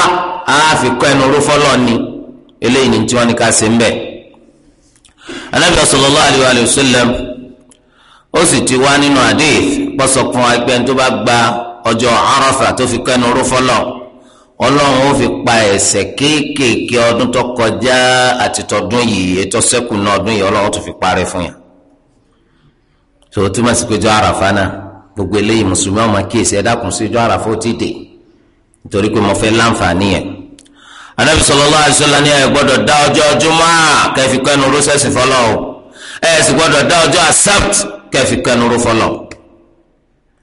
àfikọ ẹnu rú ni eléyìí ni tí wọn ní ká ṣe ń bẹ anabi sallallahu alayhi wa sallam ó sì ti wá nínú hadith pọsọkùn ẹgbẹ tó bá gba ọjọ́ Arafa tó fi kẹnu rú fọlọ ọlọ́run ó fi pa ẹ̀ṣẹ̀ kéékèèké ọdún tó kọjá àti tọdún yìí ètò sẹ́kù náà ọdún yìí ọlọ́run tó fi parẹ́ fún yàn tó túmọ̀ sí pé jọ àràfà náà gbogbo eléyìí mùsùlùmí ọmọ kíyèsí ẹ dákun sí jọ àràfà ó ti dé nítorí pé mo fẹ́ láǹfààní yẹn anabi sallallahu alaihi wasallam ní ẹ gbọ́dọ̀ dá ọjọ́ jumá kẹfì kẹnu ró fọlọ o ẹ sì gbọ́dọ̀ dá ọjọ́ asabt kẹfì kẹnu fọlọ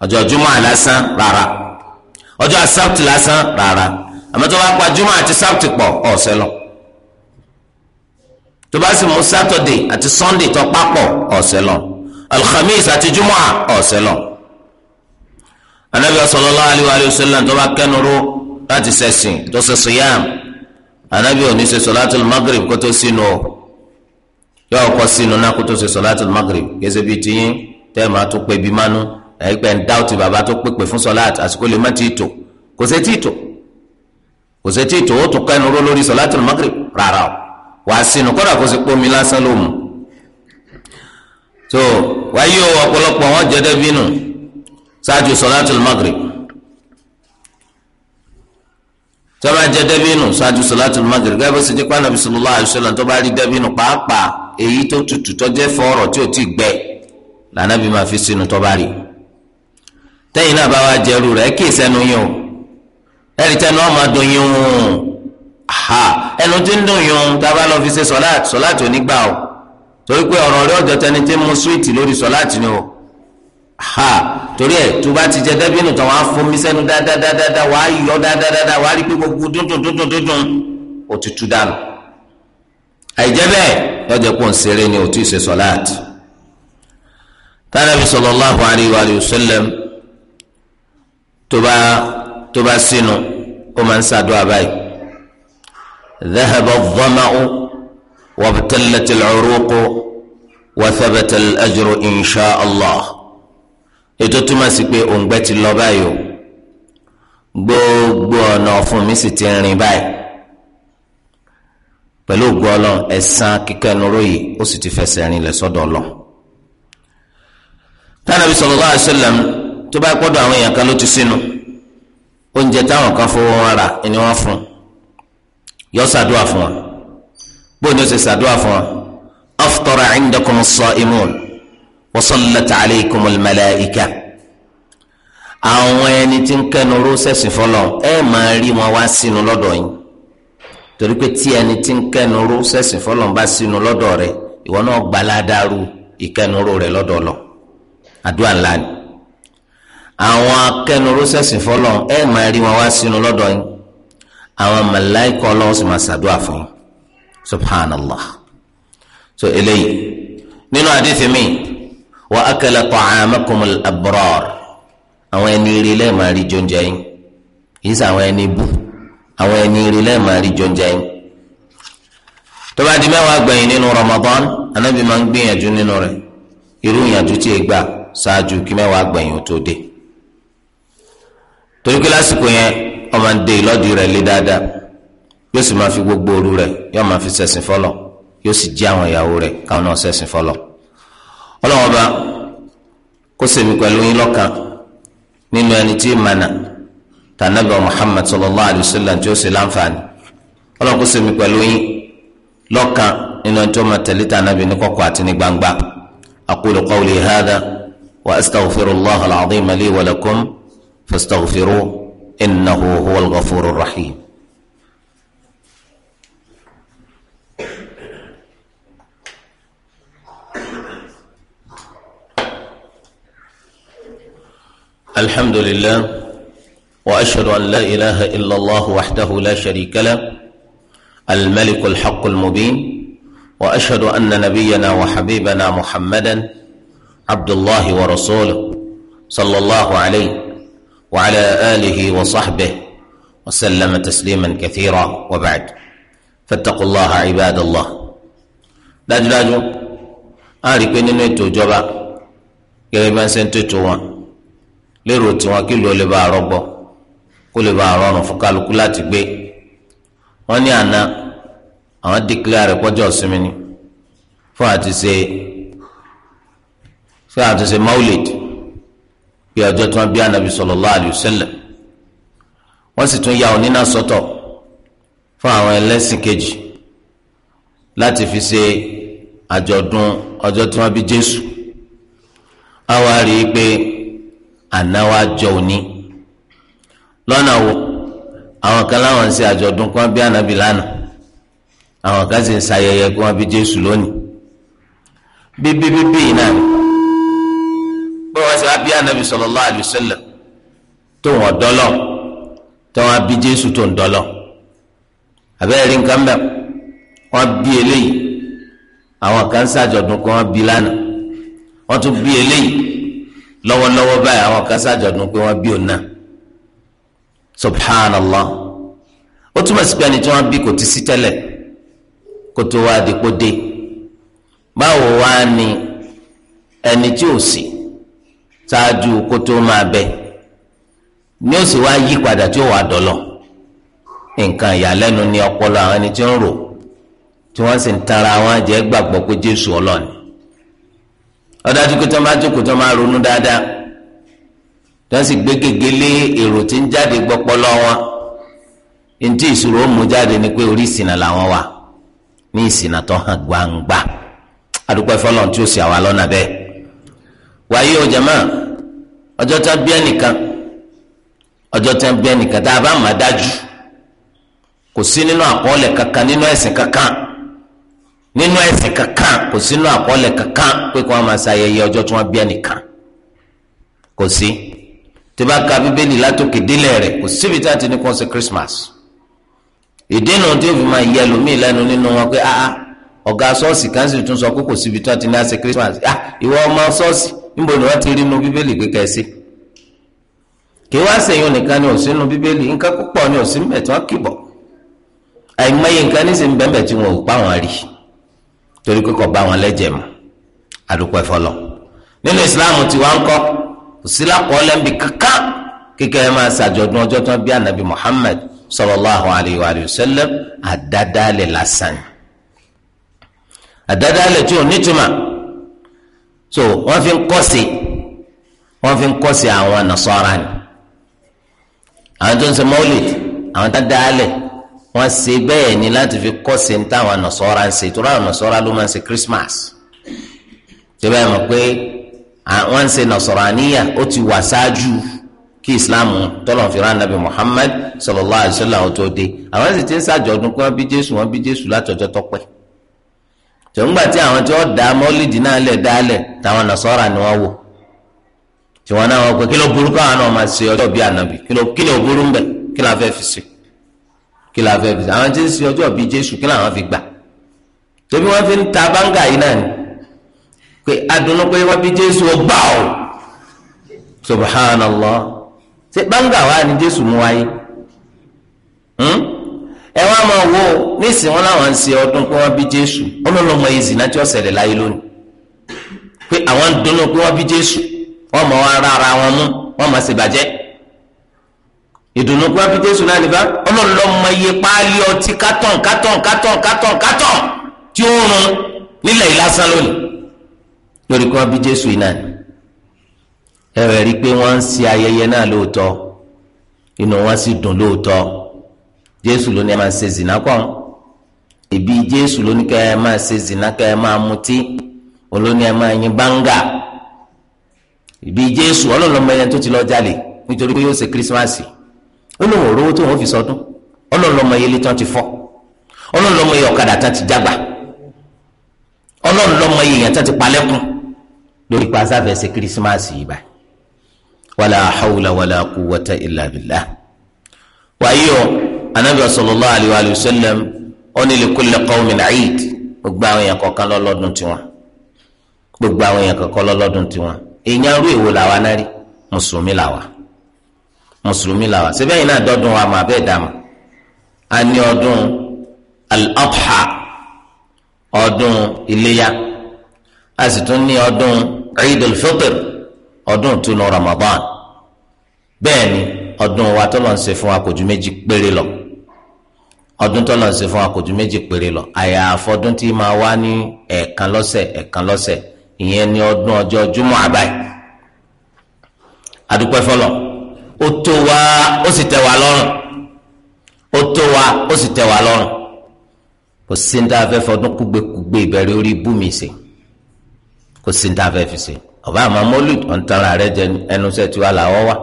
ọjọ́ jumá lásán rárá ọjọ́ asabt lásán rárá àmọ́ tó bá pa juma àti sábtì pọ̀ ọ̀sẹ̀ lọ tó bá sì mú sátọ̀dé àti sọ́ndé tó papọ̀ ọ̀sẹ̀ lọ alhamis àti juma ọ̀sẹ̀ lọ. anabi sallallahu alayhi wa sallam tó bá kẹnuru láti sẹ̀sìn tó ṣe siyam anabi ò ní ṣe solatul maghrib kó tó sínú o yóò kọ́ sínú náà kó tó ṣe solatul maghrib gẹ́sẹ̀ bíi tiyín tẹ́ ẹ̀ máa tó pè bí mánú ẹ̀ pẹ́ ń dáwọ́tì bàbá tó pèpè fún sọlá àsìkò lè má ti tò kò sẹ́ ti tò kò sẹ́tì ìtòwó tó kẹ́nu ró lórí sọ̀látùl magrib rárá o wà á sínú kọ́dà kó sì pómi lásán ló mu. tó wáyé o ọ̀pọ̀lọpọ̀ wọn jẹ́ dẹ́bínú ṣáájú sọ̀látùl magrib tọ́ba jẹ́ dẹ́bínú ṣáájú sọ̀látùl magrib gẹ́gẹ́ bó ṣe jẹ́ pàánà bí sallallahu alaihi wasallam tọ́ba rí dẹ́bínú pàápàá èyí tó tutù tọ́jẹ́ fọ́ọ̀rọ̀ tí ò tí gbẹ lànà bí máa fi sínú tọ́ba rí tẹ́yìn náà bá wa jẹ́rú rẹ̀ kí ìsẹ́nu yín o ẹ̀rí tẹnu ọmọ dùn yín ẹnu tí ń dùn yín tábà lọ fi ṣe sọláàtì sọláàtì onígbà o torí pé ọ̀rọ̀ rẹ ọ̀jọ̀ tẹni tí ń mu súwìtì lórí sọláàtì ni o torí ẹ̀ tó bá ti jẹ dẹ́bínú tán wàá fún mi sẹ́nu dáadáa wàá yọ dáadáa wàá rí pé gbogbo dúndùn dúndùn dúndùn òtútù dànù àìjẹ́ bẹ́ẹ̀ lọ́jọ́ pọ̀ ń ṣeré ni òtún ìṣe sọláàtì tánàbí sallallahu alaihi wa sallam tó bá tó bá sínú ó máa ń ṣàdúrà báyìí. ذهب الظمأ وابتلت العروق وثبت الأجر إن شاء الله ètò túmọ̀ sí pé òǹgbẹ ti lọ báyìí o gbogbo ọ̀nà ọ̀fun mi sì ti rìn báyìí pẹ̀lú ògo ọlọ́run ẹ̀san kíkẹ́nuró yìí ó sì ti fẹsẹ̀ rìn lẹ̀ sọ́dọ̀ ọlọ́run. tánàbí sallallahu alaihi tó bá gbọ́dọ̀ àwọn èèyàn kan ló ti sínú oúnjẹ táwọn kan fowó wọn rà ni wọ́n fún yọ ṣàdúrà fún wa bó ni ó ṣe ṣàdúrà fún wa aftara indakum as-sa'imun wa sallat alaykum al-malaika àwọn ẹni tí ń kẹnu ró sẹ́sìn fọlọ́ ẹ máa rí wọn wá sínú lọ́dọ̀ yín torí pé tí ẹni tí ń kẹnu ró sẹ́sìn fọlọ́ bá sínú lọ́dọ̀ rẹ̀ ìwọ náà gbaládàrú ìkẹnu ró rẹ̀ lọ́dọ̀ lọ àdúrà ńlá ni àwọn akẹnuró sẹ̀sìn fọlọ́ ẹ máa rí wọn wá sínú lọ́dọ̀ yín àwọn màláíkà ọlọ́run sì máa ṣàdúrà fún yín subhanallah so eléyìí nínú àdìsí mi wa akala ta'amakumul abrar àwọn ẹni rí lẹ́ẹ̀ máa rí jóúnjẹ yín yìí sọ àwọn ẹni bú àwọn ẹni rí lẹ́ẹ̀ máa rí jóúnjẹ yín tó bá di mẹ́wàá gbẹ̀yìn nínú Ramadan anábì máa ń gbìyànjú nínú rẹ̀ irú ìyànjú tí e gbà ṣáájú kí mẹ́wàá gbẹ̀yìn ó tó dé torí pé lásìkò yẹn ọmọ ń de ìlọ́dì rẹ̀ lé dáadáa yóò sì máa fi gbogbo òru rẹ̀ yóò máa fi ṣẹ̀sìn fọlọ̀ yóò sì jí àwọn ìyàwó rẹ̀ káwọn náà ṣẹ̀sìn fọlọ̀ ọlọ́wọ́n bá kó sèmi pẹ̀lú yín lọ́kàn nínú ẹni tí ìmànà tànàbà Muhammad sallallahu alayhi wa sallam tí ó sì láǹfààní ọlọ́wọ́n kó sèmi pẹ̀lú yín lọ́kàn nínú ẹni tó máa tẹ̀lé tànàbì ní kọ̀kọ̀ àti ní gbangba aqulu qawli wa astaghfirullaha al-azima wa lakum. فاستغفروه انه هو الغفور الرحيم الحمد لله واشهد ان لا اله الا الله وحده لا شريك له الملك الحق المبين واشهد ان نبينا وحبيبنا محمدا عبد الله ورسوله صلى الله عليه وعلى آله وصحبه وسلم تسليما كثيرا وبعد فاتقوا الله عباد الله dájúdájú a rí pé nínú ètò ìjọba gẹ́gẹ́ bá ń ṣe ń tètò wọn lérò tiwọn kí ló lè bá rọgbọ kó lè bá rọrùn fún kálukú láti gbé wọn ní àná àwọn dìkìlárì pọ́jọ́ ìsinmi ni fún àti ṣe fún àti ṣe maulid pé ọjọ́ tí wọ́n bí anabi sallallahu alayhi wa sallam wọ́n sì tún ya onínà sọ́tọ̀ fún àwọn ẹlẹ́sìn kejì láti fi ṣe àjọ̀dún ọjọ́ tí wọ́n bí jésù a wá rí i pé àná wa jọ òní lọ́nà wo àwọn kan láwọn ń ṣe àjọ̀dún kí wọ́n bí anabi lánàá àwọn kan sì ń ṣayẹyẹ kí wọ́n bí jésù lónìí bíbí bíbí náà bó wọn sì wá bí anabi sallallahu alaihi wasallam tó wọn dọlọ tó wọn bí jésù tó ń dọlọ àbẹ́rẹ́ rí nǹkan bẹ́ẹ̀ wọ́n bí eléyìí àwọn kan ṣàjọ̀dún kan wọ́n bí lánàá wọ́n tún bí eléyìí lọ́wọ́lọ́wọ́ báyìí àwọn kan ṣàjọ̀dún pé wọ́n bí òun subhanallah ó túmọ̀ sí pé ẹni tí wọ́n bí kò ti sí tẹ́lẹ̀ kó tó wá àdìpọ̀ dé báwo wá ni ẹni tí ò sí. Si ṣáájú kó tó máa N'i ní ó sì wá yí padà tí o wà dọlọ nkan ìyàlẹ́nu ni ọpọlọ àwọn ẹni tí ń rò tí tara wọn jẹ gbàgbọ́ pé Jésù ọlọni ọdájú pé tí wọ́n bá jókòó ma ronú dáadáa tí wọ́n sì gbé gègé lé èrò tí gbọpọlọ wọn ntí ìṣòro mú jáde ni pé orí ìsìnà làwọn wà ní ìsìnà tó hàn gbangba adúpẹ́ fọlọ́n tí sì àwa wàyí o jama ọjọ́ tán bí ẹnìkan ọjọ́ tán bí ẹnìkan tá a bá má dájú kò sí nínú àkọọ́lẹ̀ kankan nínú ẹ̀sìn kankan nínú ẹ̀sìn kankan kò sí nínú àkọọ́lẹ̀ kankan pé kí wọ́n máa ṣayẹyẹ ọjọ́ tí wọ́n bí ẹnìkan kò sí tí bá ka bíbélì látòkè délẹ̀ rẹ̀ kò síbi tá a ti ní kó ṣe Christmas ìdínà tí ó máa yẹ lómi lẹ́nu nínú wọn pé ah, ah, ọ̀gá ṣọ́ọ̀ṣì kan sì tún sọ pé kò síbi tó ti ní àṣẹ Christmas ah ìwọ ọmọ ṣọ́ọ̀ṣì níbo ni wọ́n ti rí inú bíbélì kíkẹ́ sí kí wá sẹ́yìn nìkan ni òsín inú bíbélì nǹkan púpọ̀ ni òsín mẹ̀ tí wọ́n kìbọ̀ àìmọye nǹkan ní sìn bẹ́ẹ̀ tí wọn ò pa wọn rí torí kókò bá wọn lẹ́jẹ̀ mu àdúpẹ́ fọlọ́ nínú ìsìláàmù tí wọ́n ń kọ́ òsínláàkọ́ lẹ́ńbì kankan kíkẹ́ ẹ máa ṣàjọ̀dún ọjọ́ tí bí ànábì Muhammad sallallahu alayhi wa sallam àdádálẹ̀ lásán àdádálẹ̀ tí ò nítumọ̀ so wọ́n fi ń kọ́sì wọ́n fi ń kọ́sì àwọn nasọ́ra ni àwọn tó ń ṣe mọ́lìd àwọn tá dáálẹ̀ wọ́n ṣe bẹ́ẹ̀ ni láti fi kọ́sì ń táwọn nasọ́ra ń ṣe tó ráwọn nasọ́ra ló máa ń ṣe Christmas tó bẹ́ẹ̀ mọ̀ pé wọ́n ń ṣe nasọ̀ràníyà ó ti wà ṣáájú kí islam tọ́lọ̀ nabi muhammad sallallahu alayhi wa sallam tó dé àwọn sì ti ń ṣàjọ̀dún kí wọ́n bí jésù wọ́n bí jésù látọjọ́ tọ́pẹ́ tòǹgbà tí àwọn tí wọ́n dá mọ́lídìí náà lẹ̀ dálẹ̀ táwọn nasọ́ra ni wọ́n wò tí wọ́n náà wọ́n pé kí ló burú káwọn náà máa ṣe ọjọ́ bíi ànábì kí ló kí ló burú ń bẹ̀ kí la fẹ́ fi ṣe kí la fẹ́ fi ṣe àwọn tí ń ṣe ọjọ́ bíi Jésù kí làwọn fi gbà tóbi wọ́n fi ń ta báńgà yìí náà ni pé adùnú pé wọ́n bí Jésù ó gbà ó subhanallah ṣe báńgà wa ni Jésù mú wáyé. Hmm? ẹ wá máa wo nísìnyí wọn làwọn ń ṣe ọdún pé wọn bí jésù ọlọlọmọ èzì náà tí ó ṣẹlẹ̀ láyé lónìí pé àwọn ń dunnú pé wọn bí jésù wọn mọ wọn ara ara wọn mú wọn mọ sí bàjẹ́ ìdùnnú pé wọn bí jésù náà nípa ọlọlọmọ iye páálí ọtí kátọ̀n kátọ̀n kátọ̀n kátọ̀n kátọ̀n tí ó rún nílẹ̀ ìlàsán lónìí lórí pé wọn bí jésù yìí náà ẹ rẹ̀ rí i pé wọ́n ń ṣe ayẹyẹ náà lóòótọ́ inú wọn sì dùn lóòótọ́ jésù ló ní ẹ máa ṣe zina kọ́ ẹbí jésù ló ní kẹ́ ẹ máa ṣe zina kẹ́ ẹ máa mutí olóní ẹ máa yin báńgà ẹbí jésù ọlọ́lọ́mọ ẹni tó ti lọ jalè nítorí pé yóò ṣe kírísímàsì ó lóun ò rówó tó wọn fi sọdún ọlọ́lọ́mọ yẹlé tán ti fọ́ ọlọ́lọ́mọ yẹ ọ̀kadà tán ti jágbà ọlọ́lọ́mọ yẹ yẹn tán ti palẹ́kùn lórí pa ṣe kírísímàsì yìí báyìí wàlà hawla wàlà quwwata illa wàyí o anabi sallallahu alayhi wa sallam ó ní li kulli qawmin eid gbogbo àwọn èèyàn kọ̀ọ̀kan lọ́lọ́dún tiwọn gbogbo àwọn èèyàn kọ̀ọ̀kan lọ́lọ́dún tiwọn èèyàn rú èwo làwa náà rí mùsùlùmí làwa mùsùlùmí làwa síbẹ̀ yìí náà dọ́dún wa mà bẹ́ẹ̀ dàmà a ní ọdún al-adha ọdún iléyà a sì tún ní ọdún al-fitr ọdún ìtúnu ramadan bẹ́ẹ̀ ọdún wa tó lọ́n ṣe fún wa méjì péré lọ ọdún tó lọ́n ṣe fún akójú méjì péré lọ àyàfọ́ ọdún tí máa wá ní ẹ̀ẹ̀kan lọ́sẹ̀ ẹ̀ẹ̀kan lọ́sẹ̀ ìyẹn ní ọdún ọjọ́ júmọ̀ àbáyé adúpẹ́ fọlọ́ ó tó wa ó sì tẹ́ wa lọ́rùn ó tó wa ó sì tẹ́ wa lọ́rùn kò sí ní tá a fẹ́ fọdún kúgbekúgbe ìbẹ̀rẹ̀ orí ibú mi ṣe kò sí ní tá a fẹ́ fi ṣe ọba àmọ́ mọ́lùd ọ̀ntara rẹ jẹ ẹnu sẹ́tiwa làwọ́ wa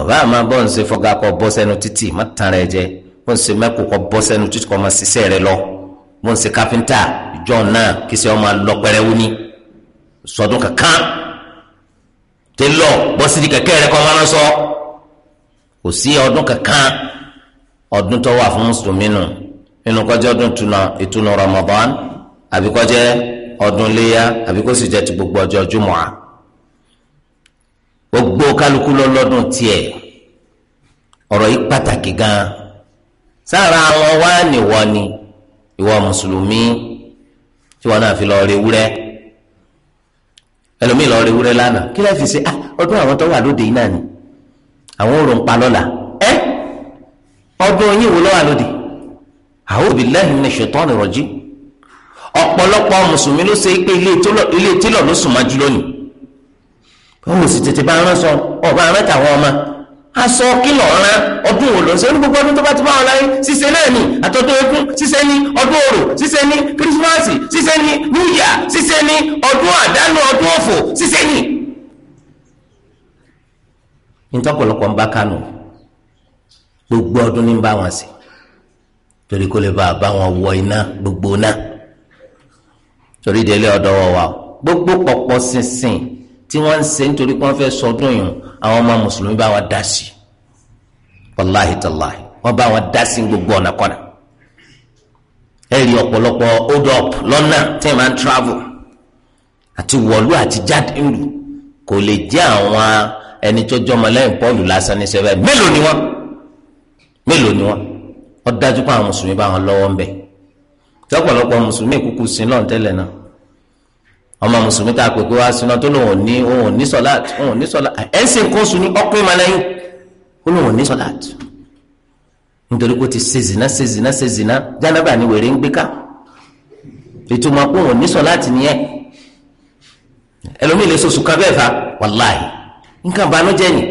ọba àmọ́ bọ́ọ̀ ń ṣe fọ́gakọ bọ́ sẹ́nu títì má tàn rẹ jẹ bó ń ṣe mẹ́kò kọ́ bọ́ sẹ́nu títí kọ́ máa ṣiṣẹ́ rẹ lọ bó ń ṣe káfíńtà ìjọ náà kí sẹ́ ọ máa lọ pẹ́rẹ́wó ní sọdún kankan tẹ lọ bọ́ sí di kẹ̀kẹ́ rẹ kọ́ máa lọ sọ kò sí ọdún kankan ọdún tó wà fún mùsùlùmí nù nínú kọjá ọdún ìtúnu Ramadan àbí kọjá ọdún léyà àbí kó sì jẹ ti gbogbo ọjọ́ jùmọ̀à gbogbo kálukú lọ́lọ́dún tiẹ̀ ọ̀rọ̀ yìí pàtàkì gan sára wọn wá níwọ ni ìwọ mùsùlùmí tí wọn náà fi lọ rí wúrẹ́ ẹlòmíì lọ rí wúrẹ́ lánàá kí lẹ́ẹ̀ fi ṣe ah, ọdún àwọn tó wà lóde yìí náà ni àwọn òrò ń pa lọ́la ẹ ọdún yìí wò lọ́wọ́ lóde a'udhu billahi minash shaitani rajim ọ̀pọ̀lọpọ̀ mùsùlùmí ló ṣe pé ilé tílọ̀ ló sùn máa jù lónìí wọn ò sì tètè bá rán sọ ọba rẹ tàwọn ọmọ aṣọ kìlọ̀ ọ̀ràn ọdún wo ló ń ṣe ní gbogbo ọdún tó bá ti bá wọn láyé ṣíṣe náà ni àtọ́tọ́ ogún ṣíṣe ní ọdún orò ṣíṣe ní kírísímọ́sì ṣíṣe ní new year ṣíṣe ní ọdún àdánù ọdún òfò ṣíṣe ní. ìtọ́pọ̀lọpọ̀ ń bá kánò gbogbo ọdún ní ń bá wọn sí torí kó lè bá a bá wọn wọ iná gbogbo náà torí délé ọ̀dọ́ wọ̀ wá gbogbo pọ̀pọ̀ sínsìn tí wọ́n ń ṣe nítorí kí wọ́n fẹ́ sọdún yìí àwọn ọmọ mùsùlùmí bá wa dá sí wàláhì tàláhì wọ́n bá wa dá sí gbogbo ọ̀nà kọ́nà ẹ rí ọ̀pọ̀lọpọ̀ hold up lọ́nà tí ẹ máa ń travel àti wọ̀lú àti jáde ńlù kò lè jẹ́ àwọn ẹni tó jọmọ lẹ́yìn Pọ́ọ̀lù lásán ní sẹ́fẹ̀ mélòó ni wọ́n mélòó ni wọ́n wọ́n dájú pé àwọn mùsùlùmí bá wọn lọ́wọ́ ń bẹ̀ tí ọ̀pọ̀lọpọ̀ mùsùlùmí kúkú sí náà tẹ́lẹ̀ náà ọmọ mùsùlùmí tá a pè pé wá súná tó lòun ò ní òun ò ní sọláàtì òun ò ní sọláàtì ẹ̀ ń ṣe nǹkan oṣù ní ọkùnrin máa lẹ́yìn ó lòun ò ní sọláàtì nítorí kó ti ṣe zina ṣe zina ṣe zina jánábà ni wèrè ń gbé ká ìtumọ̀ pé òun ò ní sọláàtì nìyẹn ẹlòmíì lè sọ̀sù kan bẹ́ẹ̀ fa wàláhì nǹkan ìbànújẹ́ ni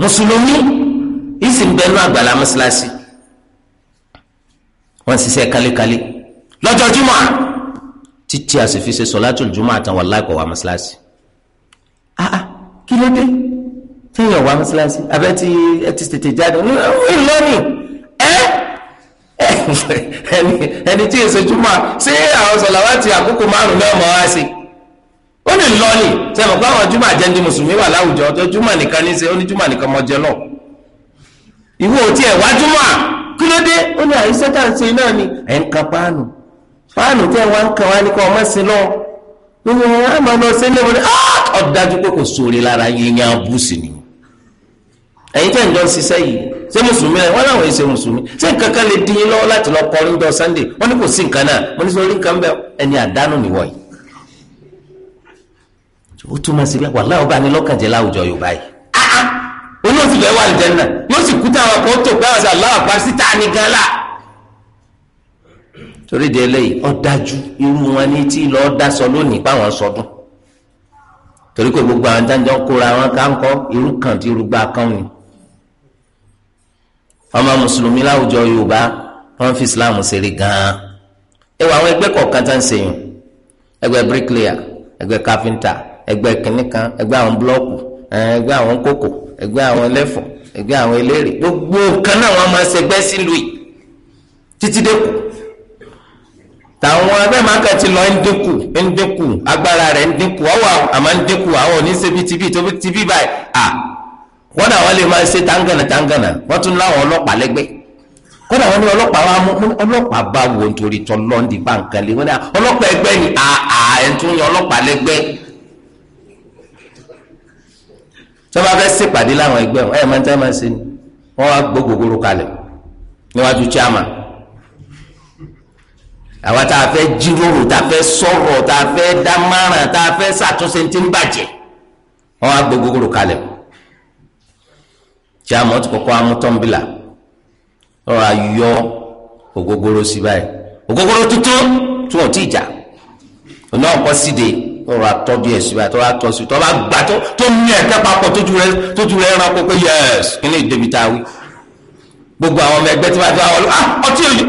mùsùlùmí ìsìn bẹ́ẹ̀ náà àgbàlá mọ́ṣáláṣí wọ́n ṣiṣẹ́ kálékálé lọ́jọ́ jùmọ̀ títí a sì fi ṣe sọlátul jùmọ̀ àtàn wà wà mọ́ṣáláṣí. ah ah kí ló dé téèyàn wà mọ́ṣáláṣí abẹ́ ti ẹ ti tètè jáde ìlọ́nì ẹ ẹni tí èso jùmọ̀ ṣé àwọn sọ̀làwá ti àkókò márùn náà mọ̀ wá sí ó lè lọ́ọ̀nì sẹ́wọ̀n pé àwọn jùmọ̀ àjẹndí mùsùlùmí wà láwùjọ ọjọ́ jùmọ̀ nìkan ní í ṣe ó ní jùmọ̀ nìkan mọ̀ jẹ náà ìwọ ò tiẹ̀ wá jùmọ̀ kí ló dé ó ní àyíṣẹ́ tá à ṣe náà ni ẹ̀ ń kan páànù fáànù tẹ́ wọ́n ń kàn wá ní kọ́ ọmọ sí lọ gbogbo wọn á máa lọ sí ilé wọn ọ̀dájú ah! pé kò sóore lára yín abú sí ni ẹ̀yin tẹ́ ń jọ ṣiṣẹ́ yìí ṣé mùsùlùmí rẹ̀ wọ́n láwọn èsè mùsùlùmí ṣé nǹkan kan lè dín yín lọ́wọ́ láti lọ kọrin jọ Sunday wọ́n ní kò sí nǹkan náà wọ́n ní sọ orí nǹkan bẹ́ẹ̀ ẹni àdánù nìwọ̀ yìí ó túmọ̀ sí pé wàhálà ọba ni lọ́kànjẹ́ láwùjọ Yorùbá yìí ah, ah! olóòtú bẹ́ẹ̀ wà lìjẹ́ náà yóò sì kú táwọn kan tó gbáwọ́ sí aláwọ̀ pa síta ní gan láà torí de eléyìí ó dájú irú wọn ní tí lọ́ọ́ dá sọ lónìí báwọn sọdún torí pé gbogbo àwọn jáńjọ́ kóra wọn ká ń kọ́ irú kan tí irú gba kan ni ọmọ mùsùlùmí láwùjọ yorùbá wọn fi islam ṣeré gan-an ẹ wọ àwọn ẹgbẹ́ kọ̀ọ̀kan tá ń ṣèyàn ẹgbẹ́ bricklayer ẹgbẹ́ carpenter ẹgbẹ́ kìnnìkan ẹgbẹ́ àwọn búlọ́ọ̀kù ẹgbẹ́ àwọn kókò ẹgbẹ́ àwọn ẹlẹ́fọ̀ ẹgbẹ́ àwọn eléré gbogbo kan náà wọ́n máa ṣẹgbẹ́ sílùú yìí títí dẹ́kun tàwọn abẹ́màkà ti lọ ń dínkù ń dínkù agbára rẹ̀ ń dínkù ọwọ́ àmọ́ ń dínkù àwọn ò ní tóbi tibí báyìí à wọ́n tangana tangana wọ́n tún láwọn ọlọ́pàá lẹ́gbẹ́ kódà wọn ní wa mú bá wo nítorí wọn ní ni àà àwa tá a fẹ́ jíròrò tá a fẹ́ sọ̀rọ̀ tá a fẹ́ dámọ̀ràn tá a fẹ́ ṣàtúnṣe tí ń bàjẹ́ wọn á gbogbo rò kalẹ̀ tí a mọ̀ ti kọ́kọ́ amútọ́nbìlà ọ̀rọ̀ ayọ́ ògógóró sí báyìí ògógóró tuntun tí wọn ò tí ì jà òun náà kọ́ síde tọrọ atọjú ẹsùn bá tọrọ atọsùn tọrọ agbá tó tó ní ẹtẹ papọ̀ tójú rẹ tójú rẹ ẹran kó pé yẹs kí ni ìdèbí ta wí gbogbo àwọn ọmọ ẹgbẹ́ tí wọ́n ti wá wọlé ah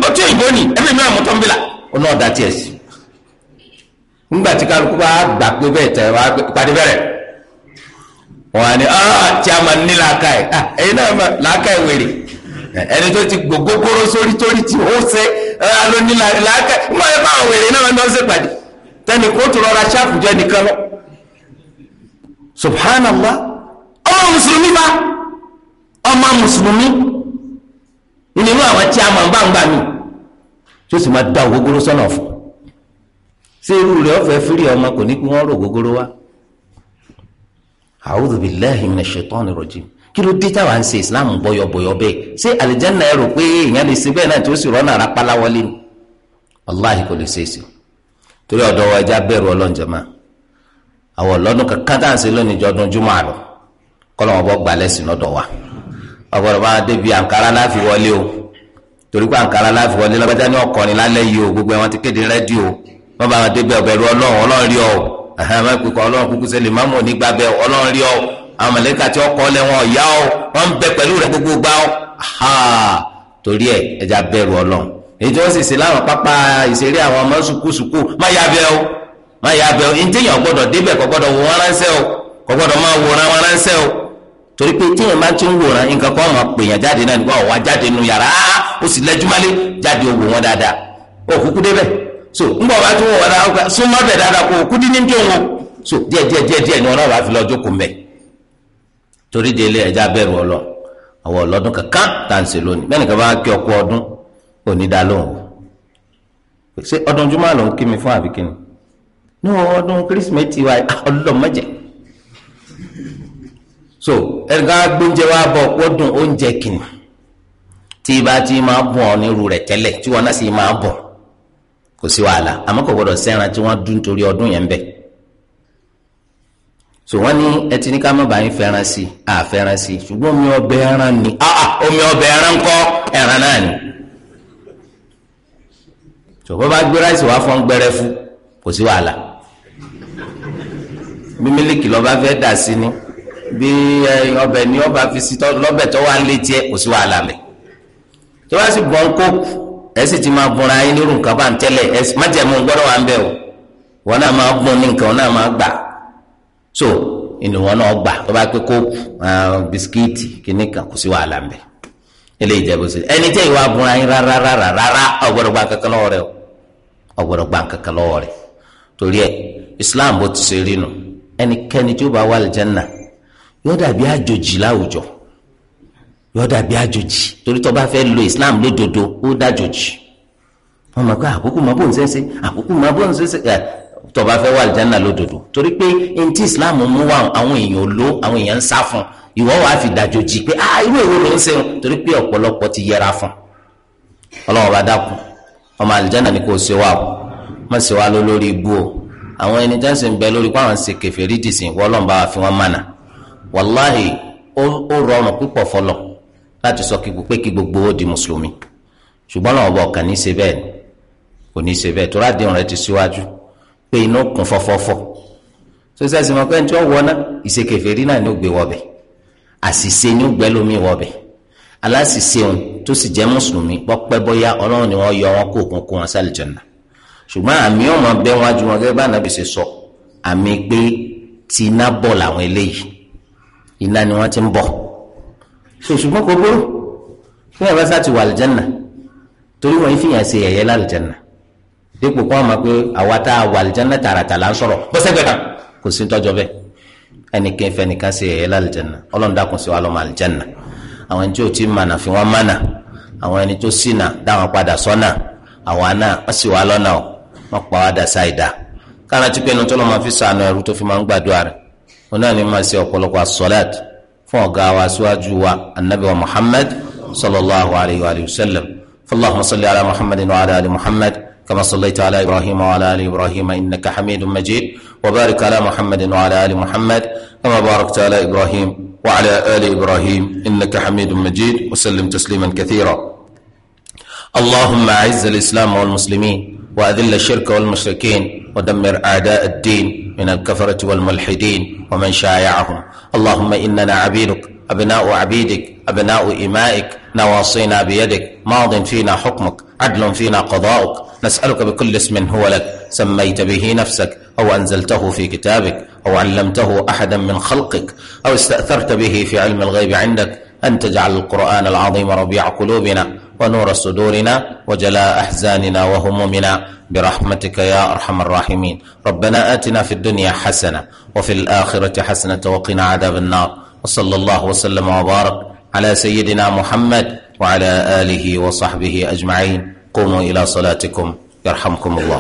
ọtí òyìnbó ni ẹbí mi àmútọ́nbìlà ọlọ́ọ̀dà tiẹ̀ sí nígbà tí kálukú bá gbà pé bẹ́ẹ̀ tẹ̀ wá pàdé bẹ̀rẹ̀ wọn á ní ah, tí a máa ní làákàyè ah, ẹ̀yin náà máa làákàyè wèrè ẹni tó ti gbogbogbòrò sórí torí tí ó ṣe alo ah, ní làákàyè wọn yẹ báwọn wèrè náà wọn lọ sí pàdé kóòtù rọra ṣáàpù jẹ nìkan lọ subhanallah ọmọ mùsùlùmí bá ọmọ mùsùlùmí nínú àwọn tí a máa ń bá ń gbà mí. tí ó sì máa da ògógóró sọ́nà fún ṣé irú rẹ̀ ọ̀fẹ́ fírí ọmọ kò ní kí wọ́n rò ògógóró wá. a'udhu billahi kí ló dé táwa ń islam bọyọ bẹ́ẹ̀ ṣé àlìjáná ẹ rò pé èèyàn lè ṣe bẹ́ẹ̀ náà tí ó sì rọ́nà ara páláwọlé ni wàláhì kò lè ṣe é ṣe torí ọ̀dọ́ ẹja bẹ̀rù ọlọ́njẹ̀má àwọn ọlọ́dún kankan tá à ń ṣe lónìí júmọ́ torí pé àǹkárá láìfọ wọlé lọ́bàjá ní ọkọrin lálẹ́ yìí o gbogbo wọn ti kéde rédíò wọn bá wọn débẹ̀ ọ̀bẹ̀rù ọlọ́run ọlọ́run rí ọ àwọn ìpè kan ọlọ́run kúkú sẹ́lẹ̀ mámú onígbà bẹ ọlọ́run rí ọ àwọn mọ̀lẹ́kà tí ọkọ lẹ wọn ọ̀yá ọ wọn ń bẹ pẹ̀lú rẹ gbogbo gbá ọ torí ẹ ẹja bẹ̀rù ọlọ́run èyí tí wọ́n sì sí láwọn pápá torí pé tíyẹn máa ti ń wòran nǹkan kan máa pèèyàn jáde náà nípa ọ̀wá jáde nu yàrá ó sì lẹ́júmọ́lé jáde ó wò wọ́n dáadáa ó kúkú débẹ̀ so ńgbà wàá tún wò wọ́n dáadáa ó sún mọ́bẹ̀ dáadáa kó kú dín ní tó wọn so díẹ̀ díẹ̀ díẹ̀ díẹ̀ ni wọn náà wàá fi lọ jókòó mbẹ̀ torí délé ẹja bẹ̀rù ọlọ àwọn ọlọ́dún kankan tá à ń ṣe lónìí bẹ́ẹ̀ nìkan bá kí ọkọ ọdún òní dá lóhùn o ṣé ọdún jùmọ̀ àlọ́ kí mi fún so ẹnìkan á gbóúnjẹ wá bọ̀ kó dùn oúnjẹ kìnnì tí ibà ti máa bọ̀ ọ́ nírú rẹ̀ tẹ́lẹ̀ tí wọn náà sì máa bọ̀ kò sí wàhálà àmọ́ kò gbọdọ̀ sẹ́ran tí wọ́n dún torí ọdún yẹn ń so wọ́n ní ẹ ti ní ká má bàa yín fẹ́ràn sí à fẹ́ràn sí ṣùgbọ́n omi ọbẹ̀ ẹran ni ah, ah omi ọbẹ̀ ẹran kọ́ ẹran náà ni so bọ́ bá gbé ráìsì wá fọ́n gbẹ́rẹ́ fún kò sí wàhálà bí mílíkì lọ́ba fẹ́ dà sí ni. bí ọbẹ̀ ni ọba fi si lọ́bẹ̀ tó wà létí ẹ̀ kò sí wàhálà lẹ̀ tó wá sí bọ́n kókù sì ti máa ayé nírú nǹkan bá o wọn náà máa gbọ́n ní so inú wọn náà gbà tó bá pé kókù bisikíìtì kìíní kan kò sí wàhálà ń bẹ̀ ilé ìjẹ́bù sí ẹni tẹ́ ìwà rárá rárá rárá gbà kankan yóò dàbí àjòjì láwùjọ yóò dàbí àjòjì torí tó bá fẹ́ lo islam lódodo ó dàjòjì wọn máa kọ àkókò máa bọ̀ ń sẹ́sẹ́ àkókò máa bọ̀ ń sẹ́sẹ́ tó bá fẹ́ wà àlùjánnà lódodo torí pé n tí islam mú wa àwọn èèyàn ló àwọn èèyàn ń sá fún ìwọ wàá fi dàjòjì pé ah irú èwo ló ń sẹ́wọ̀n torí pé ọ̀pọ̀lọpọ̀ ti yẹra fún ọlọ́wọ́n bá dákun ọmọ àlùjánnà ni kò ṣe wà o má ṣe wà lólórí ibú o àwọn ẹni jáde ń bẹ lórí pé àwọn ṣe kèfèrí dìsìn wọ́ọ́lọ́ọ̀ bá wa fi wọ́n mánà wàláhì ó rọrùn púpọ̀ fọlọ̀ láti sọ pé kí gbogbo ó di mùsùlùmí ṣùgbọ́n náà ọba ọ̀kan ní í ṣe bẹ́ẹ̀ ni kò ní í ṣe bẹ́ẹ̀ torí àdéhùn rẹ ti síwájú pé inú kún fọ́fọ́fọ́ tó sẹ́sìn mọ́ pé ní tí wọ́n wọná ìṣekèfèrí náà ni ó gbé wọbẹ̀ àṣìṣe ni ó gbẹ́ lómi wọbẹ̀ aláṣìṣe òun tó sì jẹ́ mùsùlùmí pọ́pẹ́ bóyá ọlọ́run ni wọ́n yọ wọn kó òkun kó wọn sálì jẹ̀nà ṣùgbọ́n àmì ọmọ bẹ́ẹ̀ wájú wọn gẹ́gẹ́ bá nàbì sọ àmì pé tí làwọn eléyìí iná ni wọ́n ti ń bọ̀ ṣùṣùgbọ́n kò burú fún yàrá sá ti wà àlùjẹ́nà torí wọ́n fi yàn ṣe ẹ̀yẹ lálùjẹ́nà dípò kó àmọ́ pé àwa tá a wà àlùjẹ́nà tààràtà là ń sọ̀rọ̀ bó sẹ́gbẹ̀ẹ́ kan kò sí tọ́jọ́ bẹ́ẹ̀ ẹnìkan ìfẹ́ nìkan ṣe ẹ̀yẹ lálùjẹ́nà ọlọ́run sí wa lọ́mọ àlùjẹ́nà àwọn ẹni tí ò tí mànà fi wọ́n mànà àwọn ẹni tó ṣìnà dáwọn padà sọ́nà àwa náà wọ́n sì pa wá dà sáì dá kárántí pé inú tó lọ́ máa fi sànù ẹrú tó fi máa wọn náà ní máa ṣe ọ̀pọ̀lọpọ̀ asọ́láàtì fún ọ̀gá wa aṣáájú wa anabi wa muhammad sallallahu alayhi wa sallam fallahumma salli ala muhammadin كما صليت على إبراهيم وعلى آل إبراهيم إنك حميد مجيد وبارك على محمد وعلى آل محمد كما باركت على إبراهيم وعلى آل إبراهيم إنك حميد مجيد وسلم تسليما كثيرا اللهم أعز الإسلام والمسلمين وأذل الشرك والمشركين ودمر أعداء الدين من الكفرة والملحدين ومن شايعهم اللهم إننا عبيدك أبناء عبيدك أبناء إمائك نواصينا بيدك ماض فينا حكمك عدل فينا قضاؤك نسألك بكل اسم هو لك سميت به نفسك أو أنزلته في كتابك أو علمته أحدا من خلقك أو استأثرت به في علم الغيب عندك أن تجعل القرآن العظيم ربيع قلوبنا ونور صدورنا وجلاء أحزاننا وهمومنا برحمتك يا أرحم الراحمين ربنا آتنا في الدنيا حسنة وفي الآخرة حسنة وقنا عذاب النار وصلى الله وسلم وبارك على سيدنا محمد وعلى آله وصحبه أجمعين قوموا إلى صلاتكم يرحمكم الله